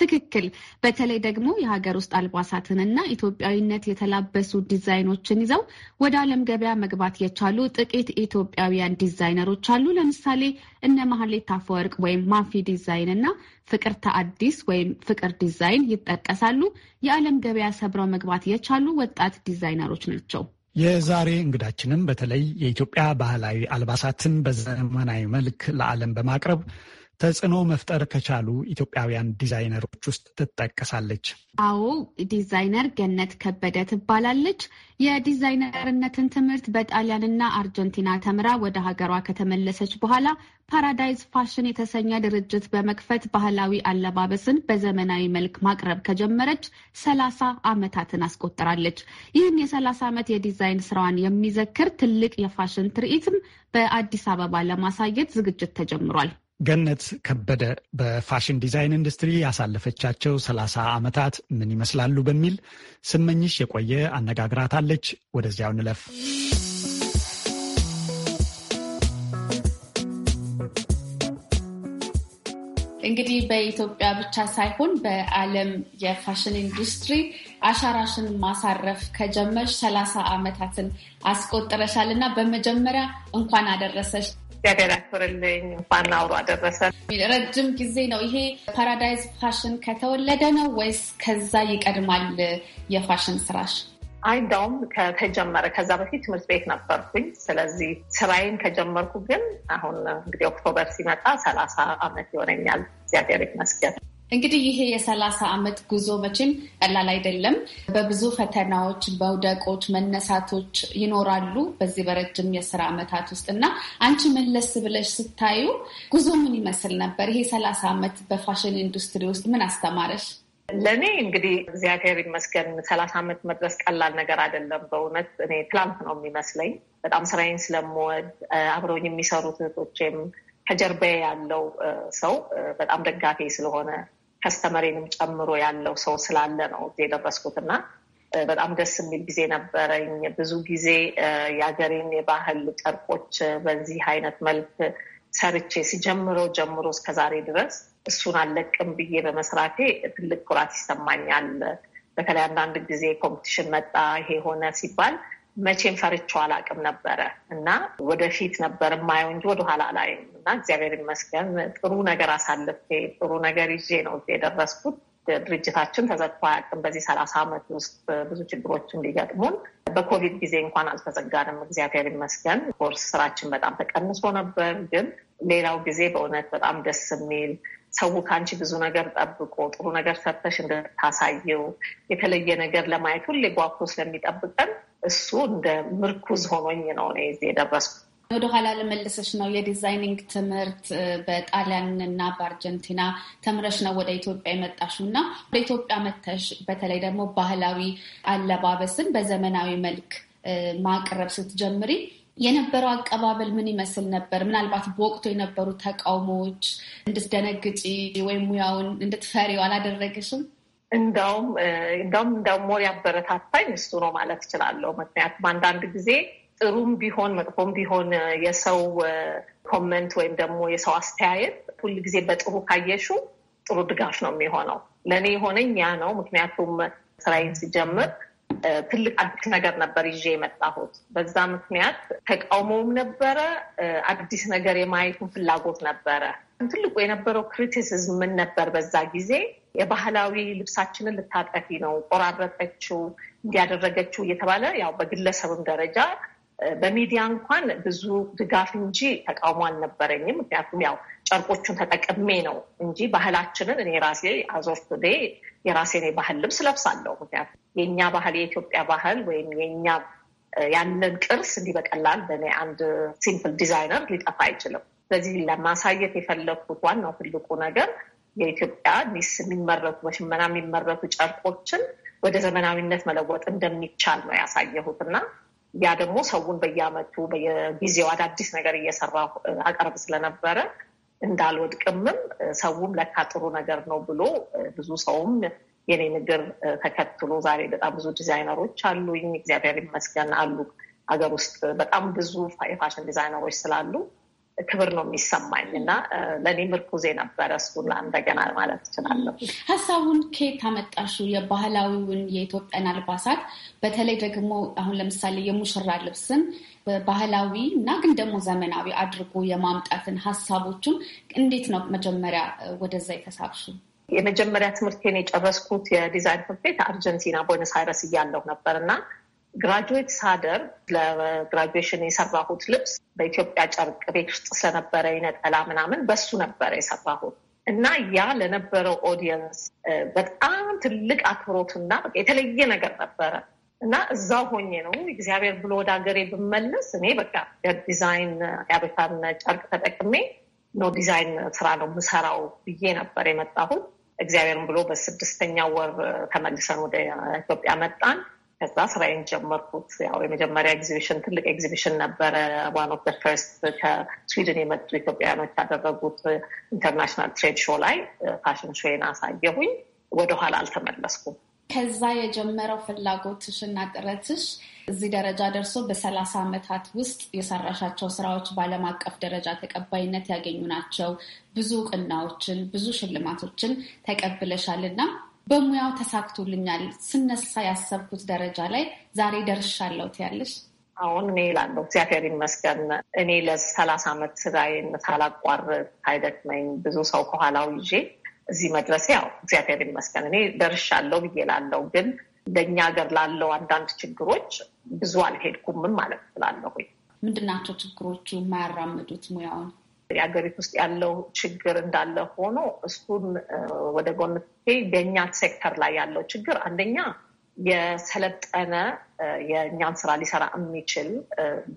ትክክል። በተለይ ደግሞ የሀገር ውስጥ አልባሳትንና ኢትዮጵያዊነት የተላበሱ ዲዛይኖችን ይዘው ወደ ዓለም ገበያ መግባት የቻሉ ጥቂት ኢትዮጵያውያን ዲዛይነሮች አሉ። ለምሳሌ እነ መሀሌት አፈወርቅ ወይም ማፊ ዲዛይን እና ፍቅርተ አዲስ ወይም ፍቅር ዲዛይን ይጠቀሳሉ። የዓለም ገበያ ሰብረው መግባት የቻሉ ወጣት ዲዛይነሮች ናቸው። የዛሬ እንግዳችንም በተለይ የኢትዮጵያ ባህላዊ አልባሳትን በዘመናዊ መልክ ለዓለም በማቅረብ ተጽዕኖ መፍጠር ከቻሉ ኢትዮጵያውያን ዲዛይነሮች ውስጥ ትጠቀሳለች። አዎ፣ ዲዛይነር ገነት ከበደ ትባላለች። የዲዛይነርነትን ትምህርት በጣሊያንና አርጀንቲና ተምራ ወደ ሀገሯ ከተመለሰች በኋላ ፓራዳይዝ ፋሽን የተሰኘ ድርጅት በመክፈት ባህላዊ አለባበስን በዘመናዊ መልክ ማቅረብ ከጀመረች ሰላሳ ዓመታትን አስቆጥራለች። ይህን የሰላሳ ዓመት የዲዛይን ስራዋን የሚዘክር ትልቅ የፋሽን ትርኢትም በአዲስ አበባ ለማሳየት ዝግጅት ተጀምሯል። ገነት ከበደ በፋሽን ዲዛይን ኢንዱስትሪ ያሳለፈቻቸው ሰላሳ ዓመታት ምን ይመስላሉ በሚል ስመኝሽ የቆየ አነጋግራታለች። ወደዚያው ንለፍ። እንግዲህ በኢትዮጵያ ብቻ ሳይሆን በዓለም የፋሽን ኢንዱስትሪ አሻራሽን ማሳረፍ ከጀመርሽ ሰላሳ ዓመታትን አስቆጥረሻል እና በመጀመሪያ እንኳን አደረሰሽ። እግዚአብሔር ያክብርልኝ። እንኳን አውሮ አደረሰ። ረጅም ጊዜ ነው ይሄ ፓራዳይዝ ፋሽን ከተወለደ ነው ወይስ ከዛ ይቀድማል የፋሽን ስራሽ? አይ እንዳውም ከተጀመረ ከዛ በፊት ትምህርት ቤት ነበርኩኝ። ስለዚህ ስራዬን ከጀመርኩ ግን አሁን እንግዲህ ኦክቶበር ሲመጣ ሰላሳ አመት ይሆነኛል። እግዚአብሔር ይመስገን። እንግዲህ ይሄ የሰላሳ ዓመት ጉዞ መቼም ቀላል አይደለም። በብዙ ፈተናዎች፣ በውደቆች፣ መነሳቶች ይኖራሉ በዚህ በረጅም የስራ ዓመታት ውስጥ እና አንቺ መለስ ብለሽ ስታዩ ጉዞ ምን ይመስል ነበር? ይሄ ሰላሳ ዓመት በፋሽን ኢንዱስትሪ ውስጥ ምን አስተማረሽ? ለእኔ እንግዲህ እግዚአብሔር ይመስገን ሰላሳ ዓመት መድረስ ቀላል ነገር አይደለም። በእውነት እኔ ትላንት ነው የሚመስለኝ። በጣም ስራዬን ስለምወድ አብረውኝ የሚሰሩት እህቶቼም ከጀርባዬ ያለው ሰው በጣም ደጋፊ ስለሆነ ከስተመሬንም ጨምሮ ያለው ሰው ስላለ ነው የደረስኩት እና በጣም ደስ የሚል ጊዜ ነበረኝ። ብዙ ጊዜ የሀገሬን የባህል ጨርቆች በዚህ አይነት መልክ ሰርቼ ሲጀምረው ጀምሮ እስከዛሬ ድረስ እሱን አለቅም ብዬ በመስራቴ ትልቅ ኩራት ይሰማኛል። በተለይ አንዳንድ ጊዜ ኮምፒቲሽን መጣ ይሄ ሆነ ሲባል መቼም ፈርቼው አላውቅም ነበረ እና ወደፊት ነበር የማየው እንጂ ወደኋላ ላይ እና እግዚአብሔር ይመስገን ጥሩ ነገር አሳልፌ ጥሩ ነገር ይዤ ነው የደረስኩት። ድርጅታችን ተዘግቶ አያውቅም። በዚህ ሰላሳ ዓመት ውስጥ ብዙ ችግሮች እንዲገጥሙን በኮቪድ ጊዜ እንኳን አልተዘጋንም። እግዚአብሔር ይመስገን። ኮርስ ስራችን በጣም ተቀንሶ ነበር፣ ግን ሌላው ጊዜ በእውነት በጣም ደስ የሚል ሰው ከአንቺ ብዙ ነገር ጠብቆ ጥሩ ነገር ሰርተሽ እንድታሳየው የተለየ ነገር ለማየት ሁሌ ጓጉቶ ስለሚጠብቀን እሱ እንደ ምርኩዝ ሆኖኝ ነው እዚህ የደረስኩ። ወደ ኋላ ለመለሰች ነው የዲዛይኒንግ ትምህርት በጣሊያን እና በአርጀንቲና ተምረሽ ነው ወደ ኢትዮጵያ የመጣሽው እና ወደ ኢትዮጵያ መተሽ በተለይ ደግሞ ባህላዊ አለባበስን በዘመናዊ መልክ ማቅረብ ስትጀምሪ የነበረው አቀባበል ምን ይመስል ነበር? ምናልባት በወቅቱ የነበሩ ተቃውሞዎች እንድትደነግጪ ወይም ሙያውን እንድትፈሪው አላደረግሽም? እንዳውም እንዳውም እንዳውም ሞር ያበረታታኝ እሱ ነው ማለት እችላለሁ። ምክንያቱም አንዳንድ ጊዜ ጥሩም ቢሆን መጥፎም ቢሆን የሰው ኮመንት ወይም ደግሞ የሰው አስተያየት ሁል ጊዜ በጥሩ ካየሹ ጥሩ ድጋፍ ነው የሚሆነው። ለእኔ የሆነኝ ያ ነው። ምክንያቱም ስራዬን ሲጀምር ትልቅ አዲስ ነገር ነበር ይዤ የመጣሁት። በዛ ምክንያት ተቃውሞውም ነበረ፣ አዲስ ነገር የማየቱን ፍላጎት ነበረ። ትልቁ የነበረው ክሪቲሲዝም ምን ነበር በዛ ጊዜ የባህላዊ ልብሳችንን ልታጠፊ ነው፣ ቆራረጠችው፣ እንዲያደረገችው እየተባለ ያው በግለሰብም ደረጃ በሚዲያ እንኳን ብዙ ድጋፍ እንጂ ተቃውሞ አልነበረኝም። ምክንያቱም ያው ጨርቆቹን ተጠቅሜ ነው እንጂ ባህላችንን እኔ ራሴ አዞርት ዴ የራሴን የባህል ልብስ ለብሳለሁ። ምክንያቱም የእኛ ባህል የኢትዮጵያ ባህል ወይም የኛ ያለን ቅርስ እንዲህ በቀላል በእኔ አንድ ሲምፕል ዲዛይነር ሊጠፋ አይችልም። ስለዚህ ለማሳየት የፈለግኩት ዋናው ትልቁ ነገር የኢትዮጵያ ሚስ የሚመረቱ በሽመና የሚመረቱ ጨርቆችን ወደ ዘመናዊነት መለወጥ እንደሚቻል ነው ያሳየሁት እና ያ ደግሞ ሰውን በየአመቱ በየጊዜው አዳዲስ ነገር እየሰራ አቀርብ ስለነበረ እንዳልወድቅምም ሰውም ለካ ጥሩ ነገር ነው ብሎ ብዙ ሰውም የኔ ንግር ተከትሎ ዛሬ በጣም ብዙ ዲዛይነሮች አሉኝ። እግዚአብሔር ይመስገን አሉ። ሀገር ውስጥ በጣም ብዙ የፋሽን ዲዛይነሮች ስላሉ ክብር ነው የሚሰማኝ እና ለእኔ ምርኩዜ ነበረ እሱን እንደገና ማለት እችላለሁ። ሀሳቡን ከየት አመጣሹ? የባህላዊውን የኢትዮጵያን አልባሳት በተለይ ደግሞ አሁን ለምሳሌ የሙሽራ ልብስን ባህላዊ እና ግን ደግሞ ዘመናዊ አድርጎ የማምጣትን ሀሳቦቹን እንዴት ነው መጀመሪያ ወደዛ የተሳብሹ? የመጀመሪያ ትምህርቴን የጨረስኩት የዲዛይን ትምህርት ቤት አርጀንቲና ቦነስ አይረስ እያለሁ ነበር እና ግራጁዌት ሳደር ለግራጁዌሽን የሰራሁት ልብስ በኢትዮጵያ ጨርቅ ቤት ውስጥ ስለነበረ ነጠላ ምናምን በሱ ነበረ የሰራሁት እና ያ ለነበረው ኦዲየንስ በጣም ትልቅ አክብሮትና የተለየ ነገር ነበረ እና እዛው ሆኜ ነው እግዚአብሔር ብሎ ወደ ሀገሬ ብመለስ እኔ በቃ ዲዛይን የአበሻን ጨርቅ ተጠቅሜ ነው ዲዛይን ስራ ነው ምሰራው ብዬ ነበር የመጣሁት። እግዚአብሔርን ብሎ በስድስተኛ ወር ተመልሰን ወደ ኢትዮጵያ መጣን። ከዛ ስራዬን ጀመርኩት። ያው የመጀመሪያ ኤግዚቢሽን ትልቅ ኤግዚቢሽን ነበረ። ዋን ኦፍ ፈርስት ከስዊድን የመጡ ኢትዮጵያውያኖች ያደረጉት ኢንተርናሽናል ትሬድ ሾ ላይ ፋሽን ሾዬን አሳየሁኝ። ወደኋላ አልተመለስኩም። ከዛ የጀመረው ፍላጎትሽ እና ጥረትሽ እዚህ ደረጃ ደርሶ በሰላሳ ዓመታት ውስጥ የሰራሻቸው ስራዎች በዓለም አቀፍ ደረጃ ተቀባይነት ያገኙ ናቸው። ብዙ እውቅናዎችን፣ ብዙ ሽልማቶችን ተቀብለሻል እና በሙያው ተሳክቶልኛል ስነሳ ያሰብኩት ደረጃ ላይ ዛሬ ደርሻለሁ ትያለሽ? አሁን እኔ እላለሁ እግዚአብሔር ይመስገን። እኔ ለሰላሳ ዓመት ስራዬን ሳላቋርጥ አይደክመኝ ብዙ ሰው ከኋላው ይዤ እዚህ መድረሴ ያው እግዚአብሔር ይመስገን እኔ ደርሻለሁ ብዬ እላለሁ። ግን ለእኛ ሀገር ላለው አንዳንድ ችግሮች ብዙ አልሄድኩምም ማለት እላለሁ። ምንድናቸው ችግሮቹ የማያራምዱት ሙያውን? የአገሪቱ ውስጥ ያለው ችግር እንዳለ ሆኖ እሱን ወደ ጎን በእኛ ሴክተር ላይ ያለው ችግር አንደኛ የሰለጠነ የእኛን ስራ ሊሰራ የሚችል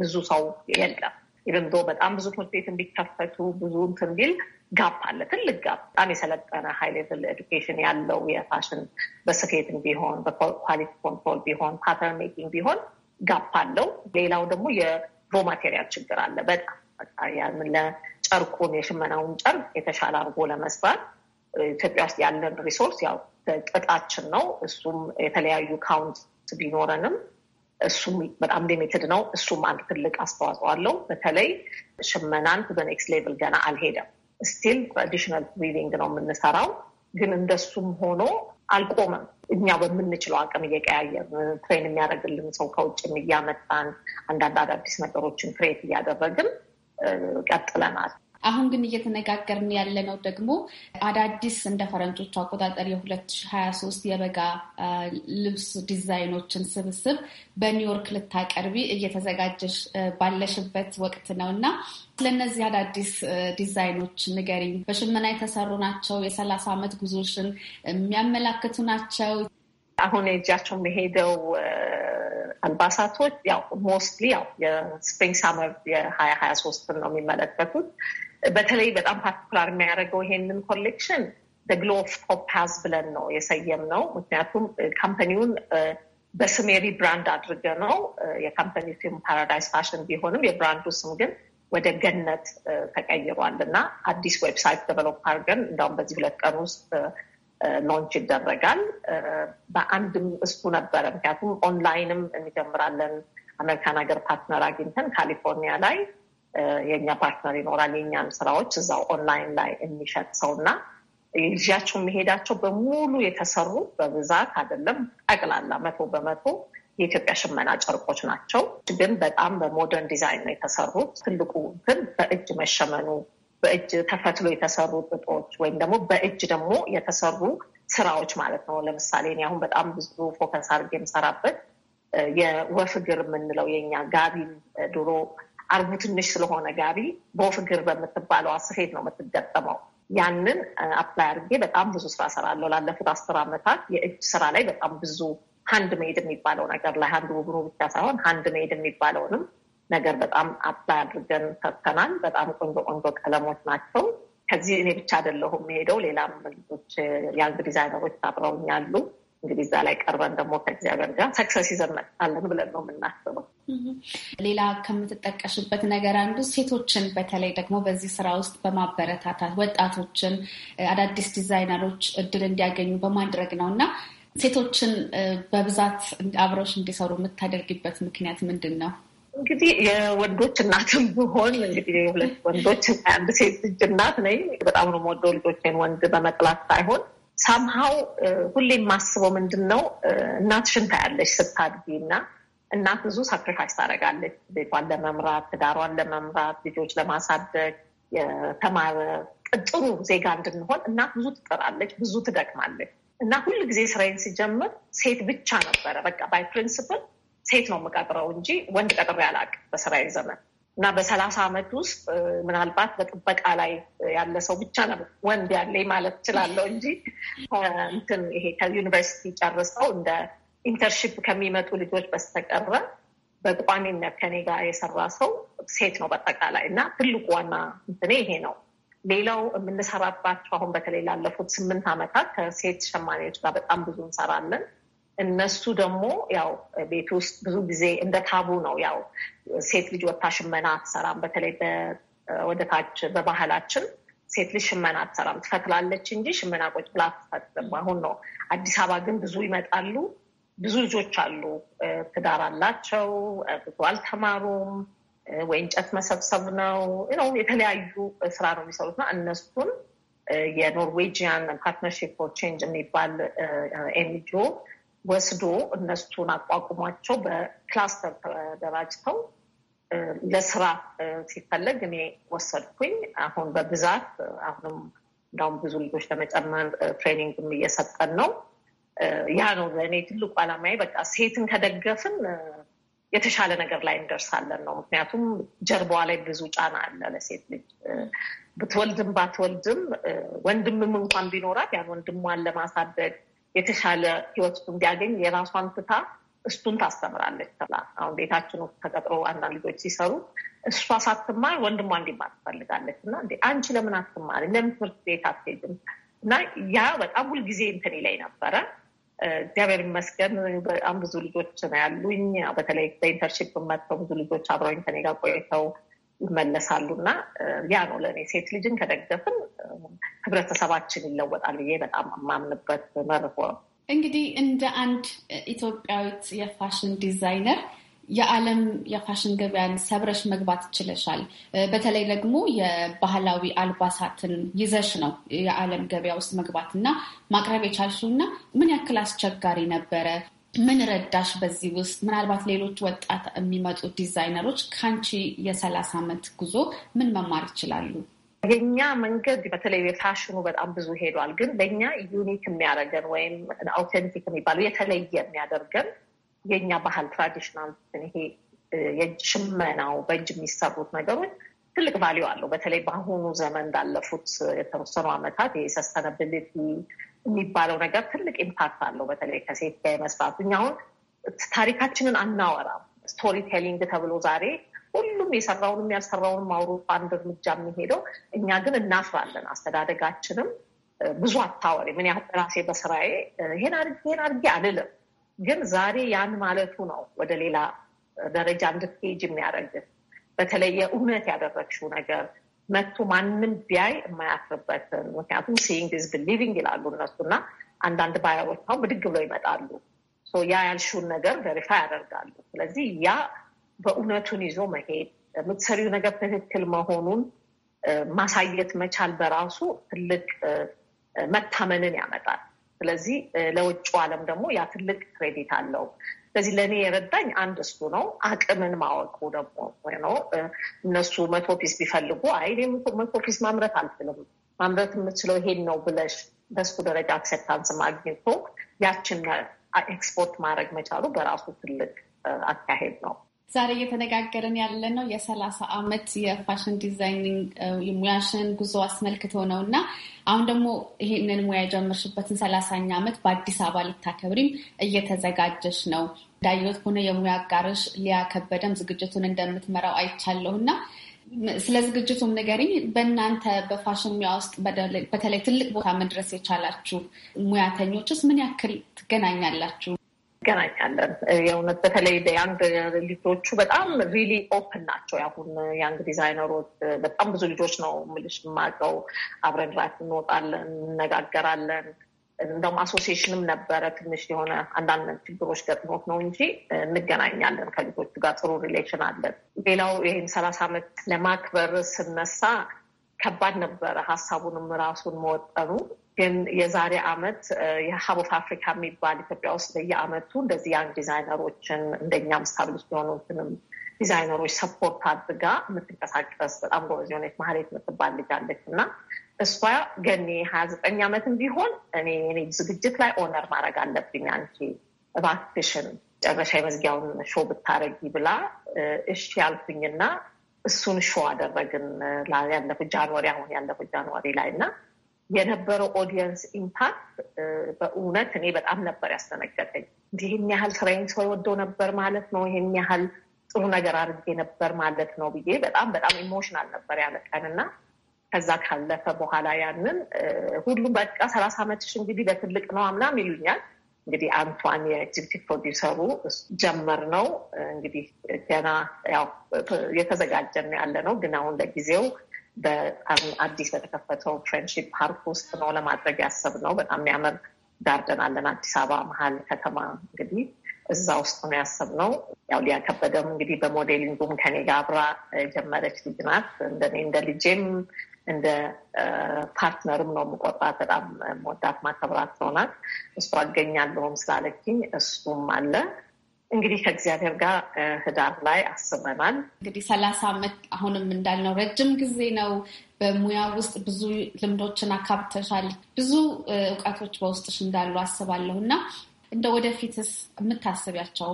ብዙ ሰው የለም። ኢቨን በጣም ብዙ ትምህርት ቤት እንዲከፈቱ ብዙ እንትን ቢል ጋፕ አለ፣ ትልቅ ጋፕ። በጣም የሰለጠነ ሃይ ሌቭል ኤዱኬሽን ያለው የፋሽን በስፌት ቢሆን በኳሊቲ ኮንትሮል ቢሆን ፓተርን ሜኪንግ ቢሆን ጋፕ አለው። ሌላው ደግሞ የሮ ማቴሪያል ችግር አለ በጣም ያምን ጨርቁን የሽመናውን ጨርቅ የተሻለ አድርጎ ለመስራት ኢትዮጵያ ውስጥ ያለን ሪሶርስ ያው ጥጣችን ነው። እሱም የተለያዩ ካውንት ቢኖረንም እሱም በጣም ሊሚትድ ነው። እሱም አንድ ትልቅ አስተዋጽኦ አለው። በተለይ ሽመናን በኔክስት ሌቭል ገና አልሄደም። ስቲል ትራዲሽናል ዊቪንግ ነው የምንሰራው። ግን እንደሱም ሆኖ አልቆመም። እኛ በምንችለው አቅም እየቀያየር ትሬን የሚያደርግልን ሰው ከውጭ እያመጣን አንዳንድ አዳዲስ ነገሮችን ክሬት እያደረግን ቀጥለናል። አሁን ግን እየተነጋገርን ያለነው ደግሞ አዳዲስ እንደ ፈረንጆቹ አቆጣጠር የ2023 የበጋ ልብስ ዲዛይኖችን ስብስብ በኒውዮርክ ልታቀርቢ እየተዘጋጀሽ ባለሽበት ወቅት ነው እና ስለነዚህ አዳዲስ ዲዛይኖች ንገሪኝ። በሽመና የተሰሩ ናቸው? የሰላሳ ዓመት ጉዞሽን የሚያመላክቱ ናቸው? አሁን እጃቸው መሄደው አልባሳቶች ያው ሞስትሊ ያው የስፕሪንግ ሳመር የሀያ ሀያ ሶስትን ነው የሚመለከቱት። በተለይ በጣም ፓርቲኩላር የሚያደርገው ይሄንን ኮሌክሽን ደግሎ ኦፍ ኮፓዝ ብለን ነው የሰየም ነው። ምክንያቱም ካምፓኒውን በስሜሪ ብራንድ አድርገ ነው የካምፓኒ ስም ፓራዳይስ ፋሽን ቢሆንም የብራንዱ ስም ግን ወደ ገነት ተቀይሯል እና አዲስ ዌብሳይት ደቨሎፕ አድርገን እንዲሁም በዚህ ሁለት ቀን ውስጥ ሎንች ይደረጋል። በአንድም እሱ ነበረ። ምክንያቱም ኦንላይንም እንጀምራለን። አሜሪካን ሀገር ፓርትነር አግኝተን ካሊፎርኒያ ላይ የእኛ ፓርትነር ይኖራል። የእኛን ስራዎች እዛው ኦንላይን ላይ የሚሸጥ ሰው እና ይዣቸው የሚሄዳቸው በሙሉ የተሰሩ በብዛት አይደለም፣ ጠቅላላ መቶ በመቶ የኢትዮጵያ ሽመና ጨርቆች ናቸው። ግን በጣም በሞደርን ዲዛይን ነው የተሰሩት። ትልቁ ግን በእጅ መሸመኑ በእጅ ተፈትሎ የተሰሩ ጥጦች ወይም ደግሞ በእጅ ደግሞ የተሰሩ ስራዎች ማለት ነው። ለምሳሌ እኔ አሁን በጣም ብዙ ፎከስ አድርጌ የምሰራበት የወፍ የምንለው የኛ ጋቢ ድሮ አርቡ ትንሽ ስለሆነ ጋቢ በወፍ በምትባለው ስፌት ነው የምትገጠመው። ያንን አፕላይ አድርጌ በጣም ብዙ ስራ ሰራለሁ። ላለፉት አስር ዓመታት የእጅ ስራ ላይ በጣም ብዙ ሀንድ ሜድ የሚባለው ነገር ላይ ሀንድ ውብሩ ብቻ ሳይሆን ሀንድ ሜድ የሚባለውንም ነገር በጣም አፕላይ አድርገን ሰተናል በጣም ቆንጆ ቆንጆ ቀለሞች ናቸው። ከዚህ እኔ ብቻ አይደለሁም የሄደው፣ ሌላም ልጆች ያንግ ዲዛይነሮች አብረውኝ ያሉ እንግዲህ እዛ ላይ ቀርበን ደግሞ ከእግዚአብሔር ጋር ሰክሰስ ይዘመጣለን ብለን ነው የምናስበው። ሌላ ከምትጠቀሽበት ነገር አንዱ ሴቶችን በተለይ ደግሞ በዚህ ስራ ውስጥ በማበረታታት ወጣቶችን አዳዲስ ዲዛይነሮች እድል እንዲያገኙ በማድረግ ነው እና ሴቶችን በብዛት አብረሽ እንዲሰሩ የምታደርጊበት ምክንያት ምንድን ነው? እንግዲህ የወንዶች እናትም ሆን እንግዲህ የሁለት ወንዶች አንድ ሴት ልጅ እናት ነኝ። በጣም ነው የምወደው ልጆቼን ወንድ በመቅላት ሳይሆን ሳምሃው ሁሌ የማስበው ምንድን ነው እናትሽን ታያለሽ ስታድጊ እና እናት ብዙ ሳክሪፋይስ ታደርጋለች ቤቷን ለመምራት፣ ትዳሯን ለመምራት፣ ልጆች ለማሳደግ የተማረ ጥሩ ዜጋ እንድንሆን እናት ብዙ ትጥራለች፣ ብዙ ትደቅማለች። እና ሁል ጊዜ ስራዬን ሲጀምር ሴት ብቻ ነበረ በቃ ባይ ፕሪንስፕል ሴት ነው የምቀጥረው እንጂ ወንድ ቀጥሬ አላውቅም በስራዬ ዘመን እና በሰላሳ ዓመት ውስጥ ምናልባት በጥበቃ ላይ ያለ ሰው ብቻ ነው ወንድ ያለኝ ማለት እችላለሁ እንጂ እንትን ይሄ ከዩኒቨርሲቲ ጨርሰው እንደ ኢንተርንሺፕ ከሚመጡ ልጆች በስተቀረ በቋሚነት ከኔ ጋር የሰራ ሰው ሴት ነው በጠቃላይ። እና ትልቁ ዋና እንትኔ ይሄ ነው። ሌላው የምንሰራባቸው አሁን በተለይ ላለፉት ስምንት ዓመታት ከሴት ሸማኔዎች ጋር በጣም ብዙ እንሰራለን። እነሱ ደግሞ ያው ቤት ውስጥ ብዙ ጊዜ እንደ ታቡ ነው። ያው ሴት ልጅ ወታ ሽመና አትሰራም። በተለይ ወደታች በባህላችን ሴት ልጅ ሽመና አትሰራም፣ ትፈትላለች እንጂ ሽመና ቁጭ ብላ አትፈትልም። አሁን ነው አዲስ አበባ ግን ብዙ ይመጣሉ። ብዙ ልጆች አሉ፣ ትዳር አላቸው፣ ብዙ አልተማሩም፣ ወይ እንጨት መሰብሰብ ነው ነው የተለያዩ ስራ ነው እና እነሱን የኖርዌጂያን ፓርትነርሺፕ ፎር ቼንጅ የሚባል ኤንጂኦ ወስዶ እነሱን አቋቁሟቸው በክላስተር ተደራጅተው ለስራ ሲፈለግ እኔ ወሰድኩኝ። አሁን በብዛት አሁንም እንዳሁም ብዙ ልጆች ለመጨመር ትሬኒንግ እየሰጠን ነው። ያ ነው ለእኔ ትልቁ አላማ በቃ ሴትን ከደገፍን የተሻለ ነገር ላይ እንደርሳለን ነው። ምክንያቱም ጀርባዋ ላይ ብዙ ጫና አለ ለሴት ልጅ ብትወልድም ባትወልድም፣ ወንድምም እንኳን ቢኖራት ያን ወንድሟን ለማሳደግ የተሻለ ህይወት እንዲያገኝ የራሷን ትታ እሱን ታስተምራለች ተብላ አሁን ቤታችን ውስጥ ተቀጥሮ አንዳንድ ልጆች ሲሰሩ እሷ ሳትማር ወንድሟ እንዲማር ትፈልጋለች እና አንቺ ለምን አትማሪ? ለምን ትምህርት ቤት አትሄድም እና ያ በጣም ሁልጊዜ እንትኔ ላይ ነበረ። እግዚአብሔር ይመስገን በጣም ብዙ ልጆች ነው ያሉኝ። በተለይ በኢንተርንሺፕ መጥተው ብዙ ልጆች አብረኝ ከኔ ጋር ቆይተው ይመለሳሉ እና ያ ነው ለእኔ ሴት ልጅን ከደገፍን ህብረተሰባችን ይለወጣል ብዬ በጣም የማምንበት መርሆ ነው። እንግዲህ እንደ አንድ ኢትዮጵያዊት የፋሽን ዲዛይነር የዓለም የፋሽን ገበያን ሰብረሽ መግባት ችለሻል። በተለይ ደግሞ የባህላዊ አልባሳትን ይዘሽ ነው የዓለም ገበያ ውስጥ መግባት እና ማቅረብ የቻልሽው እና ምን ያክል አስቸጋሪ ነበረ? ምን ረዳሽ በዚህ ውስጥ? ምናልባት ሌሎች ወጣት የሚመጡ ዲዛይነሮች ከአንቺ የሰላሳ ዓመት ጉዞ ምን መማር ይችላሉ? የኛ መንገድ በተለይ የፋሽኑ በጣም ብዙ ሄዷል። ግን በእኛ ዩኒክ የሚያደርገን ወይም አውቴንቲክ የሚባለው የተለየ የሚያደርገን የእኛ ባህል ትራዲሽናል፣ ይሄ የሽመናው በእጅ የሚሰሩት ነገሮች ትልቅ ቫሊዩ አለው። በተለይ በአሁኑ ዘመን እንዳለፉት የተወሰኑ ዓመታት የሰስተነብሊቲ የሚባለው ነገር ትልቅ ኢምፓክት አለው። በተለይ ከሴት ጋር የመስራቱ እኛ አሁን ታሪካችንን አናወራም። ስቶሪ ቴሊንግ ተብሎ ዛሬ ሁሉም የሰራውንም ያልሰራውንም አውሮፓ አንድ እርምጃ የሚሄደው እኛ ግን እናፍራለን። አስተዳደጋችንም ብዙ አታወሪ ምን ያህል ራሴ በስራዬ ይሄን አድርጌ ይሄን አድርጌ አልልም፣ ግን ዛሬ ያን ማለቱ ነው ወደ ሌላ ደረጃ እንድትሄጅ የሚያደርግ በተለይ የእውነት ያደረግሽው ነገር መጥቶ ማንም ቢያይ የማያፍርበት ምክንያቱም ሲንግ ኢዝ ቢሊቪንግ ይላሉ እነሱ እና አንዳንድ ባያዎች አሁን ብድግ ብለው ይመጣሉ። ያ ያልሽውን ነገር ቬሪፋይ ያደርጋሉ። ስለዚህ ያ በእውነቱን ይዞ መሄድ የምትሰሪው ነገር ትክክል መሆኑን ማሳየት መቻል በራሱ ትልቅ መታመንን ያመጣል። ስለዚህ ለውጭ ዓለም ደግሞ ያ ትልቅ ክሬዲት አለው። ስለዚህ ለእኔ የረዳኝ አንድ እሱ ነው። አቅምን ማወቁ ደግሞ ነው። እነሱ መቶ ፒስ ቢፈልጉ አይ መቶ ፒስ ማምረት አልችልም፣ ማምረት የምችለው ይሄን ነው ብለሽ በሱ ደረጃ አክሰፕታንስ ማግኘቶ ያችን ኤክስፖርት ማድረግ መቻሉ በራሱ ትልቅ አካሄድ ነው። ዛሬ እየተነጋገረን ያለ ነው የሰላሳ አመት የፋሽን ዲዛይኒንግ የሙያሽን ጉዞ አስመልክቶ ነው እና አሁን ደግሞ ይህንን ሙያ የጀመርሽበትን ሰላሳኛ ዓመት በአዲስ አበባ ልታከብሪም እየተዘጋጀሽ ነው። እንዳየሁት ከሆነ የሙያ አጋርሽ ሊያ ከበደም ዝግጅቱን እንደምትመራው አይቻለሁ እና ስለ ዝግጅቱም ንገሪኝ። በእናንተ በፋሽን ሙያ ውስጥ በተለይ ትልቅ ቦታ መድረስ የቻላችሁ ሙያተኞችስ ምን ያክል ትገናኛላችሁ? እንገናኛለን። የእውነት በተለይ በያንግ ልጆቹ በጣም ሪሊ ኦፕን ናቸው። ያሁን ያንግ ዲዛይነሮች በጣም ብዙ ልጆች ነው ምልሽ የማውቀው። አብረን ራት እንወጣለን፣ እንነጋገራለን። እንደውም አሶሲሽንም ነበረ ትንሽ የሆነ አንዳንድ ችግሮች ገጥሞት ነው እንጂ እንገናኛለን። ከልጆቹ ጋር ጥሩ ሪሌሽን አለን። ሌላው ይህን ሰላሳ ዓመት ለማክበር ስነሳ ከባድ ነበረ ሀሳቡንም ራሱን መወጠኑ ግን የዛሬ አመት የሀብ ኦፍ አፍሪካ የሚባል ኢትዮጵያ ውስጥ በየአመቱ እንደዚህ ያንግ ዲዛይነሮችን እንደኛም ስታብሊሽ የሆኑትንም ዲዛይነሮች ሰፖርት አድርጋ የምትንቀሳቀስ በጣም ጎበዝ የሆነች ማህሌት የምትባል ልጅ አለች እና እሷ ገኔ ሀያ ዘጠኝ ዓመትም ቢሆን እኔ እኔ ዝግጅት ላይ ኦነር ማድረግ አለብኝ አንቺ እባክሽን ጨረሻ የመዝጊያውን ሾ ብታረጊ ብላ እሺ ያልኩኝና እሱን ሾ አደረግን ያለፉት ጃንዋሪ አሁን ያለፉት ጃንዋሪ ላይ እና የነበረው ኦዲየንስ ኢምፓክት በእውነት እኔ በጣም ነበር ያስተነገጠኝ። ይህን ያህል ስራዬን ሰው የወደው ነበር ማለት ነው፣ ይህን ያህል ጥሩ ነገር አድርጌ ነበር ማለት ነው ብዬ በጣም በጣም ኢሞሽናል ነበር ያለ ቀን እና ከዛ ካለፈ በኋላ ያንን ሁሉም በቃ ሰላሳ ዓመትሽ እንግዲህ ለትልቅ ነው አምናም ይሉኛል። እንግዲህ አንቷን የኤግዚክቲቭ ፕሮዲውሰሩ ጀመር ነው እንግዲህ ገና ያው የተዘጋጀን ያለ ነው ግን አሁን ለጊዜው በአዲስ በተከፈተው ፍሬንድሺፕ ፓርክ ውስጥ ነው ለማድረግ ያሰብነው። በጣም የሚያምር ጋርደን አለን አዲስ አበባ መሀል ከተማ እንግዲህ እዛ ውስጥ ነው ያሰብነው። ያው ሊያ ከበደም እንግዲህ በሞዴሊንጉም ከኔ ጋር አብራ የጀመረች ልጅ ናት። እንደኔ እንደ ልጄም እንደ ፓርትነርም ነው የምቆጥራት። በጣም መወዳት ማከብራት ሰው እሱ እሷ አገኛለሁም ስላለችኝ እሱም አለ እንግዲህ ከእግዚአብሔር ጋር ህዳር ላይ አስበናል። እንግዲህ ሰላሳ ዓመት አሁንም እንዳልነው ረጅም ጊዜ ነው። በሙያ ውስጥ ብዙ ልምዶችን አካብተሻል። ብዙ እውቀቶች በውስጥሽ እንዳሉ አስባለሁ እና እንደ ወደፊትስ የምታስቢያቸው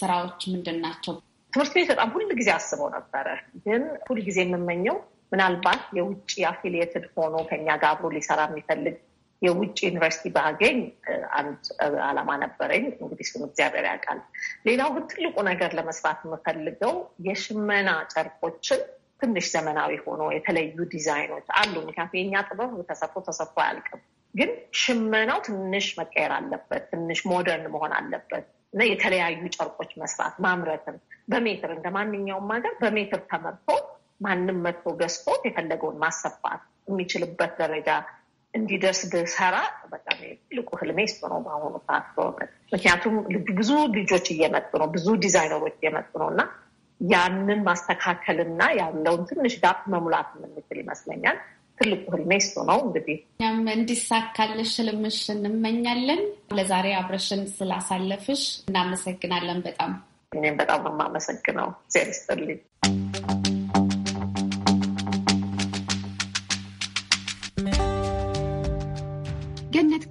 ስራዎች ምንድን ናቸው? ትምህርት ቤት በጣም ሁል ጊዜ አስበው ነበረ። ግን ሁል ጊዜ የምመኘው ምናልባት የውጭ አፊሊየትድ ሆኖ ከኛ ጋር አብሮ ሊሰራ የሚፈልግ የውጭ ዩኒቨርሲቲ ባገኝ አንድ አላማ ነበረኝ። እንግዲህ ስም እግዚአብሔር ያውቃል። ሌላው ትልቁ ነገር ለመስራት የምፈልገው የሽመና ጨርቆችን ትንሽ ዘመናዊ ሆኖ የተለዩ ዲዛይኖች አሉ። ምክንያቱም የኛ ጥበብ ተሰፎ ተሰፎ አያልቅም። ግን ሽመናው ትንሽ መቀየር አለበት፣ ትንሽ ሞደርን መሆን አለበት እና የተለያዩ ጨርቆች መስራት ማምረትን በሜትር እንደ ማንኛውም ሀገር በሜትር ተመርቶ ማንም መጥቶ ገዝቶት የፈለገውን ማሰፋት የሚችልበት ደረጃ እንዲደርስ ብሰራ በጣም ትልቁ ህልሜ እሱ ነው በአሁኑ ሰዓት በእውነት ምክንያቱም ብዙ ልጆች እየመጡ ነው፣ ብዙ ዲዛይነሮች እየመጡ ነው እና ያንን ማስተካከልና ያለውን ትንሽ ጋፕ መሙላት የምንችል ይመስለኛል። ትልቁ ህልሜ እሱ ነው። እንግዲህ እኛም እንዲሳካልሽ ህልምሽ እንመኛለን። ለዛሬ አብረሽን ስላሳለፍሽ እናመሰግናለን። በጣም እኔም በጣም ነው የማመሰግነው ዜር ይስጥልኝ።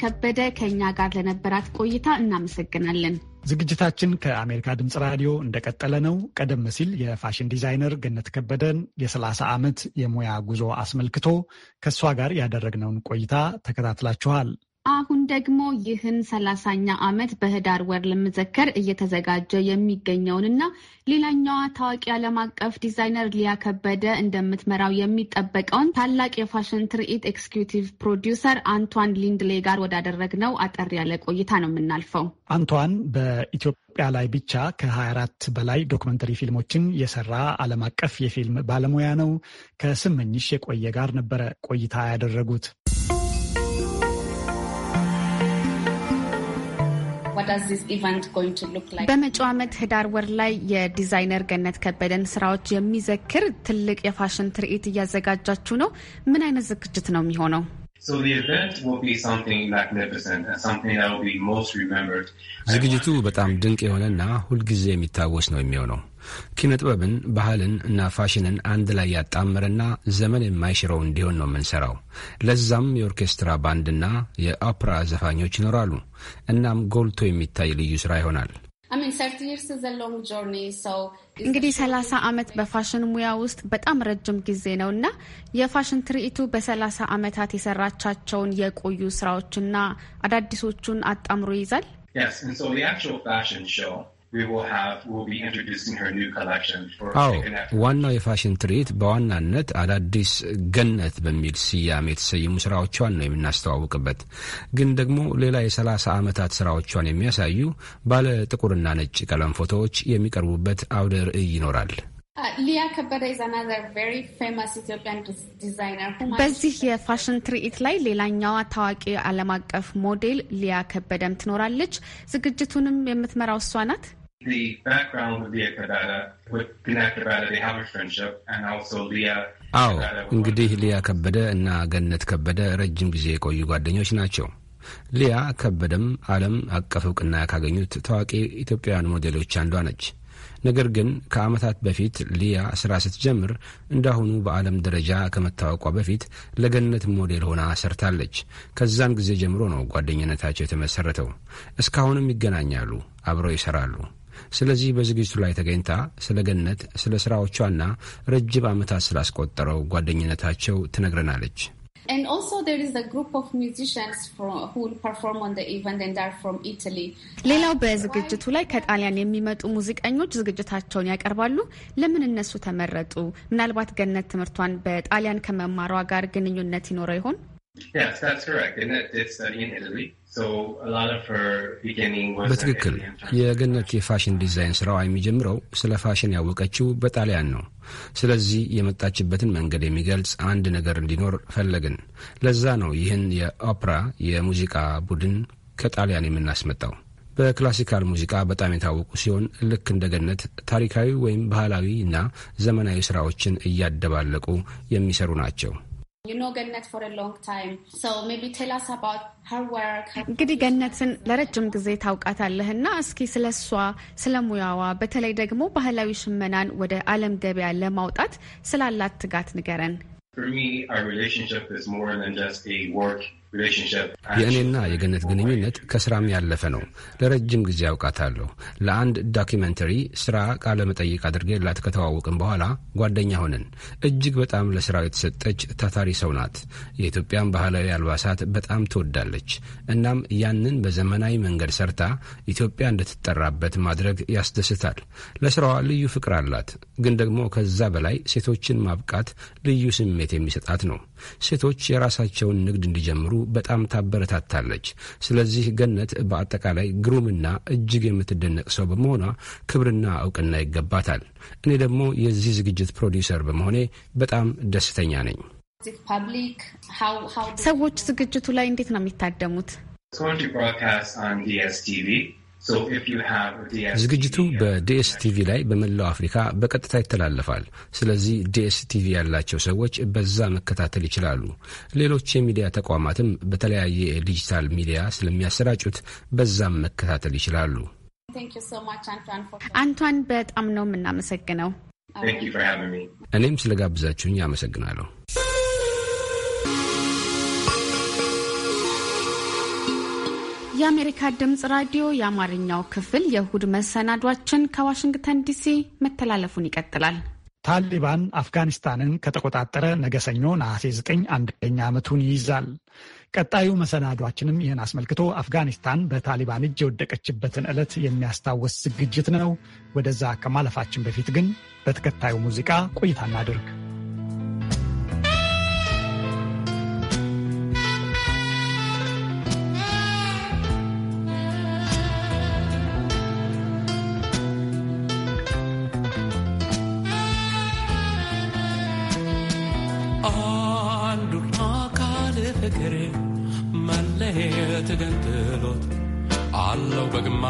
ከበደ ከእኛ ጋር ለነበራት ቆይታ እናመሰግናለን። ዝግጅታችን ከአሜሪካ ድምፅ ራዲዮ እንደቀጠለ ነው። ቀደም ሲል የፋሽን ዲዛይነር ገነት ከበደን የ30 ዓመት የሙያ ጉዞ አስመልክቶ ከእሷ ጋር ያደረግነውን ቆይታ ተከታትላችኋል። አሁን ደግሞ ይህን ሰላሳኛ ዓመት በህዳር ወር ለመዘከር እየተዘጋጀ የሚገኘውንና ሌላኛዋ ታዋቂ ዓለም አቀፍ ዲዛይነር ሊያ ከበደ እንደምትመራው የሚጠበቀውን ታላቅ የፋሽን ትርኢት ኤክስኪዩቲቭ ፕሮዲውሰር አንቷን ሊንድሌ ጋር ወዳደረግነው አጠር ያለ ቆይታ ነው የምናልፈው። አንቷን በኢትዮጵያ ላይ ብቻ ከ24 በላይ ዶክመንተሪ ፊልሞችን የሰራ ዓለም አቀፍ የፊልም ባለሙያ ነው። ከስመኝሽ የቆየ ጋር ነበረ ቆይታ ያደረጉት። በመጪው ዓመት ህዳር ወር ላይ የዲዛይነር ገነት ከበደን ስራዎች የሚዘክር ትልቅ የፋሽን ትርኢት እያዘጋጃችሁ ነው። ምን አይነት ዝግጅት ነው የሚሆነው? Uh, ዝግጅቱ በጣም ድንቅ የሆነና ሁልጊዜ የሚታወስ ነው የሚሆነው ኪነጥበብን፣ ባህልን እና ፋሽንን አንድ ላይ ያጣምርና ዘመን የማይሽረው እንዲሆን ነው የምንሰራው። ለዛም የኦርኬስትራ ባንድና የኦፕራ ዘፋኞች ይኖራሉ። እናም ጎልቶ የሚታይ ልዩ ስራ ይሆናል። እንግዲህ ሰላሳ ዓመት በፋሽን ሙያ ውስጥ በጣም ረጅም ጊዜ ነው እና የፋሽን ትርኢቱ በሰላሳ ዓመታት የሰራቻቸውን የቆዩ ስራዎችና አዳዲሶቹን አጣምሮ ይይዛል። አዎ ዋናው የፋሽን ትርኢት በዋናነት አዳዲስ ገነት በሚል ስያሜ የተሰየሙ ስራዎቿን ነው የምናስተዋውቅበት። ግን ደግሞ ሌላ የሰላሳ ዓመታት ስራዎቿን የሚያሳዩ ባለ ጥቁርና ነጭ ቀለም ፎቶዎች የሚቀርቡበት አውደ ርዕይ ይኖራል። uh, በዚህ የፋሽን ትርኢት ላይ ሌላኛዋ ታዋቂ ዓለም አቀፍ ሞዴል ሊያ ከበደም ትኖራለች። ዝግጅቱንም የምትመራው እሷ ናት። አዎ oh, እንግዲህ ሊያ ከበደ እና ገነት ከበደ ረጅም ጊዜ የቆዩ ጓደኞች ናቸው። ሊያ ከበደም ዓለም አቀፍ እውቅና ካገኙት ታዋቂ ኢትዮጵያውያን ሞዴሎች አንዷ ነች። ነገር ግን ከዓመታት በፊት ሊያ ሥራ ስትጀምር እንዳሁኑ በዓለም ደረጃ ከመታወቋ በፊት ለገነት ሞዴል ሆና ሰርታለች። ከዛን ጊዜ ጀምሮ ነው ጓደኝነታቸው የተመሠረተው። እስካሁንም ይገናኛሉ፣ አብረው ይሠራሉ። ስለዚህ በዝግጅቱ ላይ ተገኝታ ስለ ገነት፣ ስለ ስራዎቿና ረጅም ዓመታት ስላስቆጠረው ጓደኝነታቸው ትነግረናለች። And also there is a group of musicians from, who will perform on the event and are from Italy. ሌላው በዝግጅቱ ላይ ከጣሊያን የሚመጡ ሙዚቀኞች ዝግጅታቸውን ያቀርባሉ። ለምን እነሱ ተመረጡ? ምናልባት ገነት ትምህርቷን በጣሊያን ከመማሯ ጋር ግንኙነት ይኖረው ይሆን? በትክክል የገነት የፋሽን ዲዛይን ስራዋ የሚጀምረው ስለ ፋሽን ያወቀችው በጣሊያን ነው። ስለዚህ የመጣችበትን መንገድ የሚገልጽ አንድ ነገር እንዲኖር ፈለግን። ለዛ ነው ይህን የኦፕራ የሙዚቃ ቡድን ከጣሊያን የምናስመጣው። በክላሲካል ሙዚቃ በጣም የታወቁ ሲሆን ልክ እንደ ገነት ታሪካዊ ወይም ባህላዊ እና ዘመናዊ ስራዎችን እያደባለቁ የሚሰሩ ናቸው። ገነት እንግዲህ ገነትን ለረጅም ጊዜ ታውቃታለህና እስኪ ስለ እሷ ስለ ሙያዋ፣ በተለይ ደግሞ ባህላዊ ሽመናን ወደ ዓለም ገበያ ለማውጣት ስላላት ትጋት ንገረን። የእኔና የገነት ግንኙነት ከስራም ያለፈ ነው። ለረጅም ጊዜ አውቃታለሁ። ለአንድ ዶኪመንተሪ ስራ ቃለ መጠይቅ አድርጌላት ከተዋወቅን በኋላ ጓደኛ ሆንን። እጅግ በጣም ለስራው የተሰጠች ታታሪ ሰው ናት። የኢትዮጵያን ባህላዊ አልባሳት በጣም ትወዳለች። እናም ያንን በዘመናዊ መንገድ ሰርታ ኢትዮጵያ እንደትጠራበት ማድረግ ያስደስታል። ለስራዋ ልዩ ፍቅር አላት። ግን ደግሞ ከዛ በላይ ሴቶችን ማብቃት ልዩ ስሜት የሚሰጣት ነው። ሴቶች የራሳቸውን ንግድ እንዲጀምሩ በጣም ታበረታታለች። ስለዚህ ገነት በአጠቃላይ ግሩምና እጅግ የምትደነቅ ሰው በመሆኗ ክብርና እውቅና ይገባታል። እኔ ደግሞ የዚህ ዝግጅት ፕሮዲውሰር በመሆኔ በጣም ደስተኛ ነኝ። ሰዎች ዝግጅቱ ላይ እንዴት ነው የሚታደሙት? ዝግጅቱ uh, በዲኤስቲቪ ላይ በመላው አፍሪካ በቀጥታ ይተላለፋል። ስለዚህ ዲኤስቲቪ ያላቸው ሰዎች በዛ መከታተል ይችላሉ። ሌሎች የሚዲያ ተቋማትም በተለያየ ዲጂታል ሚዲያ ስለሚያሰራጩት በዛም መከታተል ይችላሉ። አንቷን በጣም ነው የምናመሰግነው። እኔም ስለጋብዛችሁኝ አመሰግናለሁ። የአሜሪካ ድምፅ ራዲዮ የአማርኛው ክፍል የእሁድ መሰናዷችን ከዋሽንግተን ዲሲ መተላለፉን ይቀጥላል። ታሊባን አፍጋኒስታንን ከተቆጣጠረ ነገ ሰኞ ነሐሴ 9 አንደኛ ዓመቱን ይይዛል። ቀጣዩ መሰናዷችንም ይህን አስመልክቶ አፍጋኒስታን በታሊባን እጅ የወደቀችበትን ዕለት የሚያስታውስ ዝግጅት ነው። ወደዛ ከማለፋችን በፊት ግን በተከታዩ ሙዚቃ ቆይታ እናድርግ።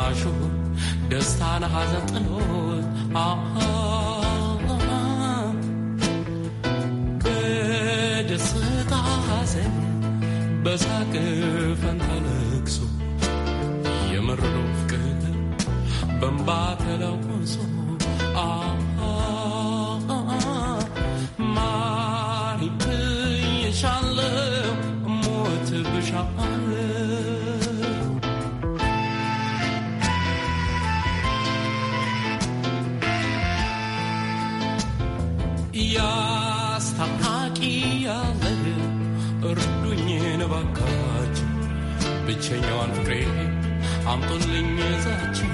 አልቃሹ ደስታን ሐዘን ጥሎት በደስታ ሐዘን በሳቅ ፈንታ ለቅሶ የመረረው ፍቅር በእንባ ተለውሶ ብቸኛዋን ፍቅሬ አምጡልኝ ዛችው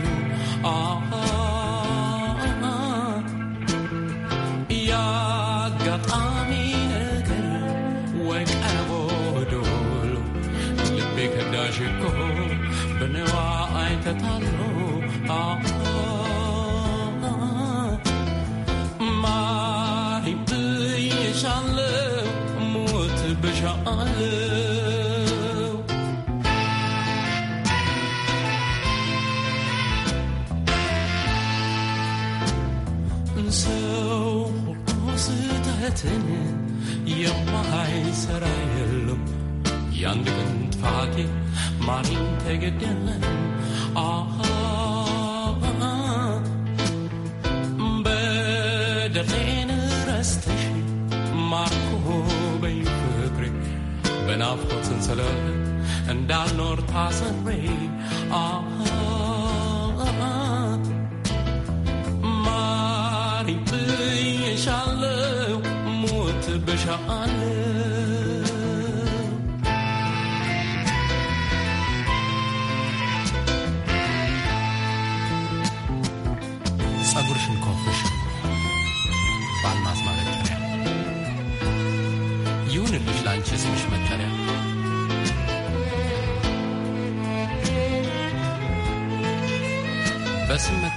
ያጋጣሚ ነገር ወቀቦዶሎ ልቤ ከዳሽኮ በነዋ አይተታለ ሰራ የለም። ያንድ ቀን ጥፋቴ ማንም ተገደለም። በደሌን ረስተሽ ማርኮ በይ ፍቅሬ በናፍቆት ሰንሰለት እንዳልኖር ታሰሬ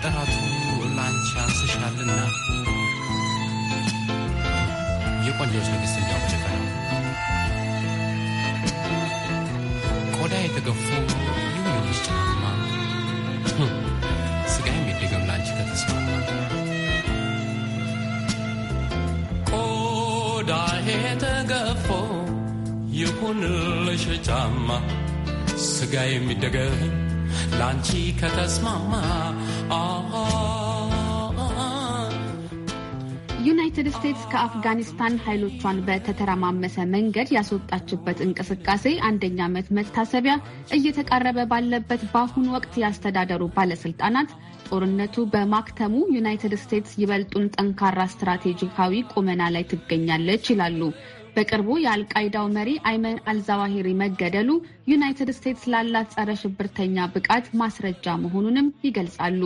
但他从南下是人呐，有朋友说给生两个就烦了。古代这个风有历史长吗？哼，是该没这个南迁个历史古代这个风有朋友说吗？是该没这个。ላንቺ ከተስማማ ዩናይትድ ስቴትስ ከአፍጋኒስታን ኃይሎቿን በተተረማመሰ መንገድ ያስወጣችበት እንቅስቃሴ አንደኛ ዓመት መታሰቢያ እየተቃረበ ባለበት በአሁኑ ወቅት ያስተዳደሩ ባለስልጣናት ጦርነቱ በማክተሙ ዩናይትድ ስቴትስ ይበልጡን ጠንካራ ስትራቴጂካዊ ቁመና ላይ ትገኛለች ይላሉ። በቅርቡ የአልቃይዳው መሪ አይመን አልዛዋሂሪ መገደሉ ዩናይትድ ስቴትስ ላላት ጸረ ሽብርተኛ ብቃት ማስረጃ መሆኑንም ይገልጻሉ።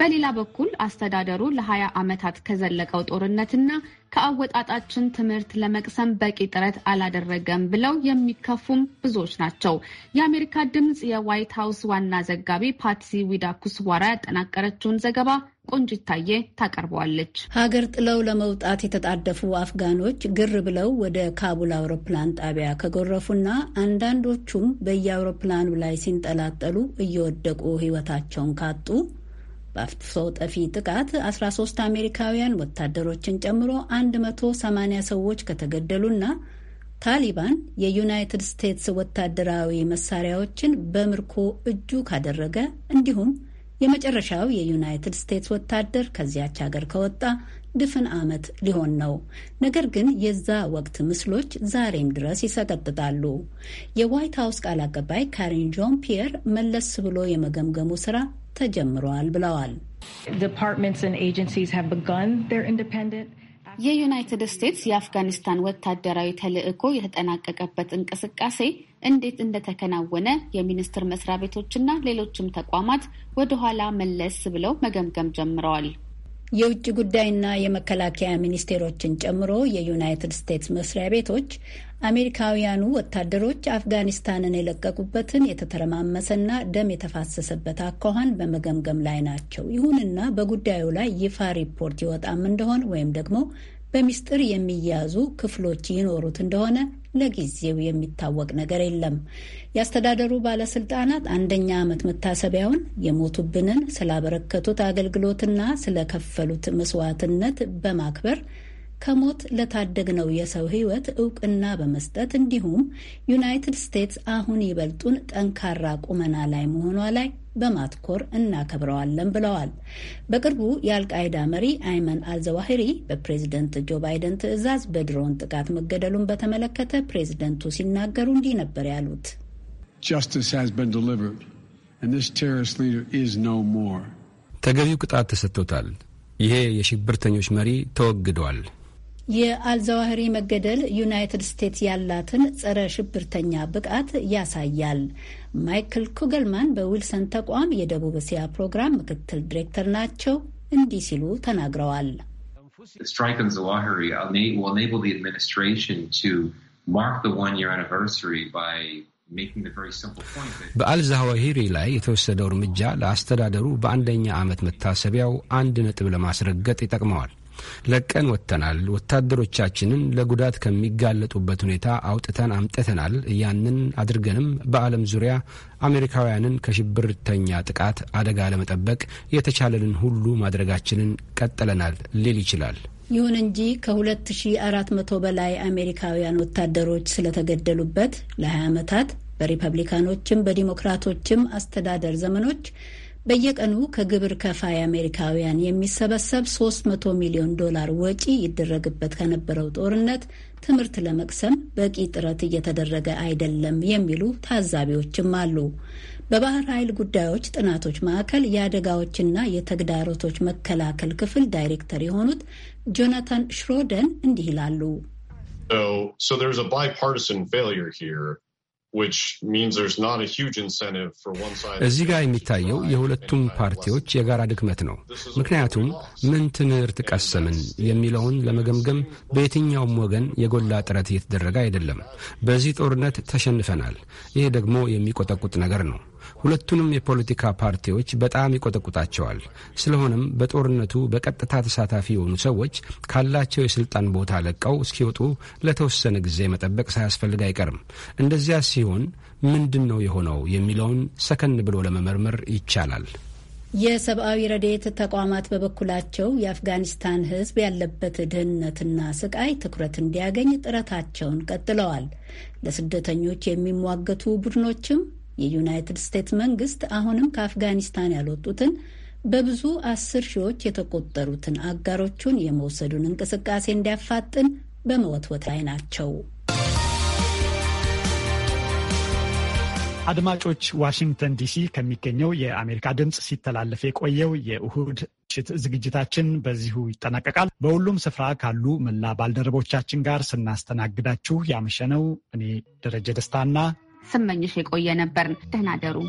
በሌላ በኩል አስተዳደሩ ለሀያ ዓመታት ከዘለቀው ጦርነትና ከአወጣጣችን ትምህርት ለመቅሰም በቂ ጥረት አላደረገም ብለው የሚከፉም ብዙዎች ናቸው። የአሜሪካ ድምፅ የዋይት ሀውስ ዋና ዘጋቢ ፓትሲ ዊዳኩስዋራ ያጠናቀረችውን ዘገባ ቆንጅታዬ ታቀርበዋለች። ሀገር ጥለው ለመውጣት የተጣደፉ አፍጋኖች ግር ብለው ወደ ካቡል አውሮፕላን ጣቢያ ከጎረፉና አንዳንዶቹም በየአውሮፕላኑ ላይ ሲንጠላጠሉ እየወደቁ ሕይወታቸውን ካጡ በአጥፍቶ ጠፊ ጥቃት 13 አሜሪካውያን ወታደሮችን ጨምሮ 180 ሰዎች ከተገደሉና ታሊባን የዩናይትድ ስቴትስ ወታደራዊ መሳሪያዎችን በምርኮ እጁ ካደረገ እንዲሁም የመጨረሻው የዩናይትድ ስቴትስ ወታደር ከዚያች ሀገር ከወጣ ድፍን ዓመት ሊሆን ነው። ነገር ግን የዛ ወቅት ምስሎች ዛሬም ድረስ ይሰቀጥጣሉ። የዋይት ሀውስ ቃል አቀባይ ካሪን ጆን ፒየር መለስ ብሎ የመገምገሙ ስራ ተጀምረዋል ብለዋል። የዩናይትድ ስቴትስ የአፍጋኒስታን ወታደራዊ ተልዕኮ የተጠናቀቀበት እንቅስቃሴ እንዴት እንደተከናወነ የሚኒስቴር መስሪያ ቤቶችና ሌሎችም ተቋማት ወደኋላ መለስ ብለው መገምገም ጀምረዋል። የውጭ ጉዳይና የመከላከያ ሚኒስቴሮችን ጨምሮ የዩናይትድ ስቴትስ መስሪያ ቤቶች አሜሪካውያኑ ወታደሮች አፍጋኒስታንን የለቀቁበትን የተተረማመሰና ደም የተፋሰሰበት አኳኋን በመገምገም ላይ ናቸው። ይሁንና በጉዳዩ ላይ ይፋ ሪፖርት ይወጣም እንደሆን ወይም ደግሞ በሚስጥር የሚያዙ ክፍሎች ይኖሩት እንደሆነ ለጊዜው የሚታወቅ ነገር የለም። የአስተዳደሩ ባለስልጣናት አንደኛ ዓመት መታሰቢያውን የሞቱብንን ስላበረከቱት አገልግሎትና ስለከፈሉት መስዋዕትነት በማክበር ከሞት ለታደግነው የሰው ሕይወት እውቅና በመስጠት እንዲሁም ዩናይትድ ስቴትስ አሁን ይበልጡን ጠንካራ ቁመና ላይ መሆኗ ላይ በማትኮር እናከብረዋለን ብለዋል። በቅርቡ የአልቃይዳ መሪ አይመን አልዘዋሂሪ በፕሬዝደንት ጆ ባይደን ትዕዛዝ በድሮን ጥቃት መገደሉን በተመለከተ ፕሬዝደንቱ ሲናገሩ እንዲህ ነበር ያሉት። ተገቢው ቅጣት ተሰጥቶታል። ይሄ የሽብርተኞች መሪ ተወግደዋል። የአልዘዋህሪ መገደል ዩናይትድ ስቴትስ ያላትን ጸረ ሽብርተኛ ብቃት ያሳያል። ማይክል ኩገልማን በዊልሰን ተቋም የደቡብ እስያ ፕሮግራም ምክትል ዲሬክተር ናቸው። እንዲህ ሲሉ ተናግረዋል። በአልዛዋሂሪ ላይ የተወሰደው እርምጃ ለአስተዳደሩ በአንደኛ ዓመት መታሰቢያው አንድ ነጥብ ለማስረገጥ ይጠቅመዋል። ለቀን ወጥተናል። ወታደሮቻችንን ለጉዳት ከሚጋለጡበት ሁኔታ አውጥተን አምጥተናል። ያንን አድርገንም በዓለም ዙሪያ አሜሪካውያንን ከሽብርተኛ ጥቃት አደጋ ለመጠበቅ የተቻለንን ሁሉ ማድረጋችንን ቀጥለናል ሊል ይችላል። ይሁን እንጂ ከ2400 በላይ አሜሪካውያን ወታደሮች ስለተገደሉበት ለ20 ዓመታት በሪፐብሊካኖችም በዲሞክራቶችም አስተዳደር ዘመኖች በየቀኑ ከግብር ከፋይ አሜሪካውያን የሚሰበሰብ 300 ሚሊዮን ዶላር ወጪ ይደረግበት ከነበረው ጦርነት ትምህርት ለመቅሰም በቂ ጥረት እየተደረገ አይደለም የሚሉ ታዛቢዎችም አሉ። በባህር ኃይል ጉዳዮች ጥናቶች ማዕከል የአደጋዎችና የተግዳሮቶች መከላከል ክፍል ዳይሬክተር የሆኑት ጆናታን ሽሮደን እንዲህ ይላሉ። So, so there's a bipartisan failure here እዚህ ጋር የሚታየው የሁለቱም ፓርቲዎች የጋራ ድክመት ነው። ምክንያቱም ምን ትምህርት ቀሰምን የሚለውን ለመገምገም በየትኛውም ወገን የጎላ ጥረት እየተደረገ አይደለም። በዚህ ጦርነት ተሸንፈናል። ይሄ ደግሞ የሚቆጠቁጥ ነገር ነው። ሁለቱንም የፖለቲካ ፓርቲዎች በጣም ይቆጠቁጣቸዋል። ስለሆነም በጦርነቱ በቀጥታ ተሳታፊ የሆኑ ሰዎች ካላቸው የስልጣን ቦታ ለቀው እስኪወጡ ለተወሰነ ጊዜ መጠበቅ ሳያስፈልግ አይቀርም። እንደዚያ ሲሆን ምንድን ነው የሆነው የሚለውን ሰከን ብሎ ለመመርመር ይቻላል። የሰብአዊ ረዴት ተቋማት በበኩላቸው የአፍጋኒስታን ሕዝብ ያለበት ድህነትና ስቃይ ትኩረት እንዲያገኝ ጥረታቸውን ቀጥለዋል። ለስደተኞች የሚሟገቱ ቡድኖችም የዩናይትድ ስቴትስ መንግስት አሁንም ከአፍጋኒስታን ያልወጡትን በብዙ አስር ሺዎች የተቆጠሩትን አጋሮቹን የመውሰዱን እንቅስቃሴ እንዲያፋጥን በመወትወት ላይ ናቸው። አድማጮች፣ ዋሽንግተን ዲሲ ከሚገኘው የአሜሪካ ድምፅ ሲተላለፍ የቆየው የእሁድ ምሽት ዝግጅታችን በዚሁ ይጠናቀቃል። በሁሉም ስፍራ ካሉ መላ ባልደረቦቻችን ጋር ስናስተናግዳችሁ ያመሸነው እኔ ደረጀ ደስታና ስመኝሽ የቆየ ነበርን። ደህና ደሩ።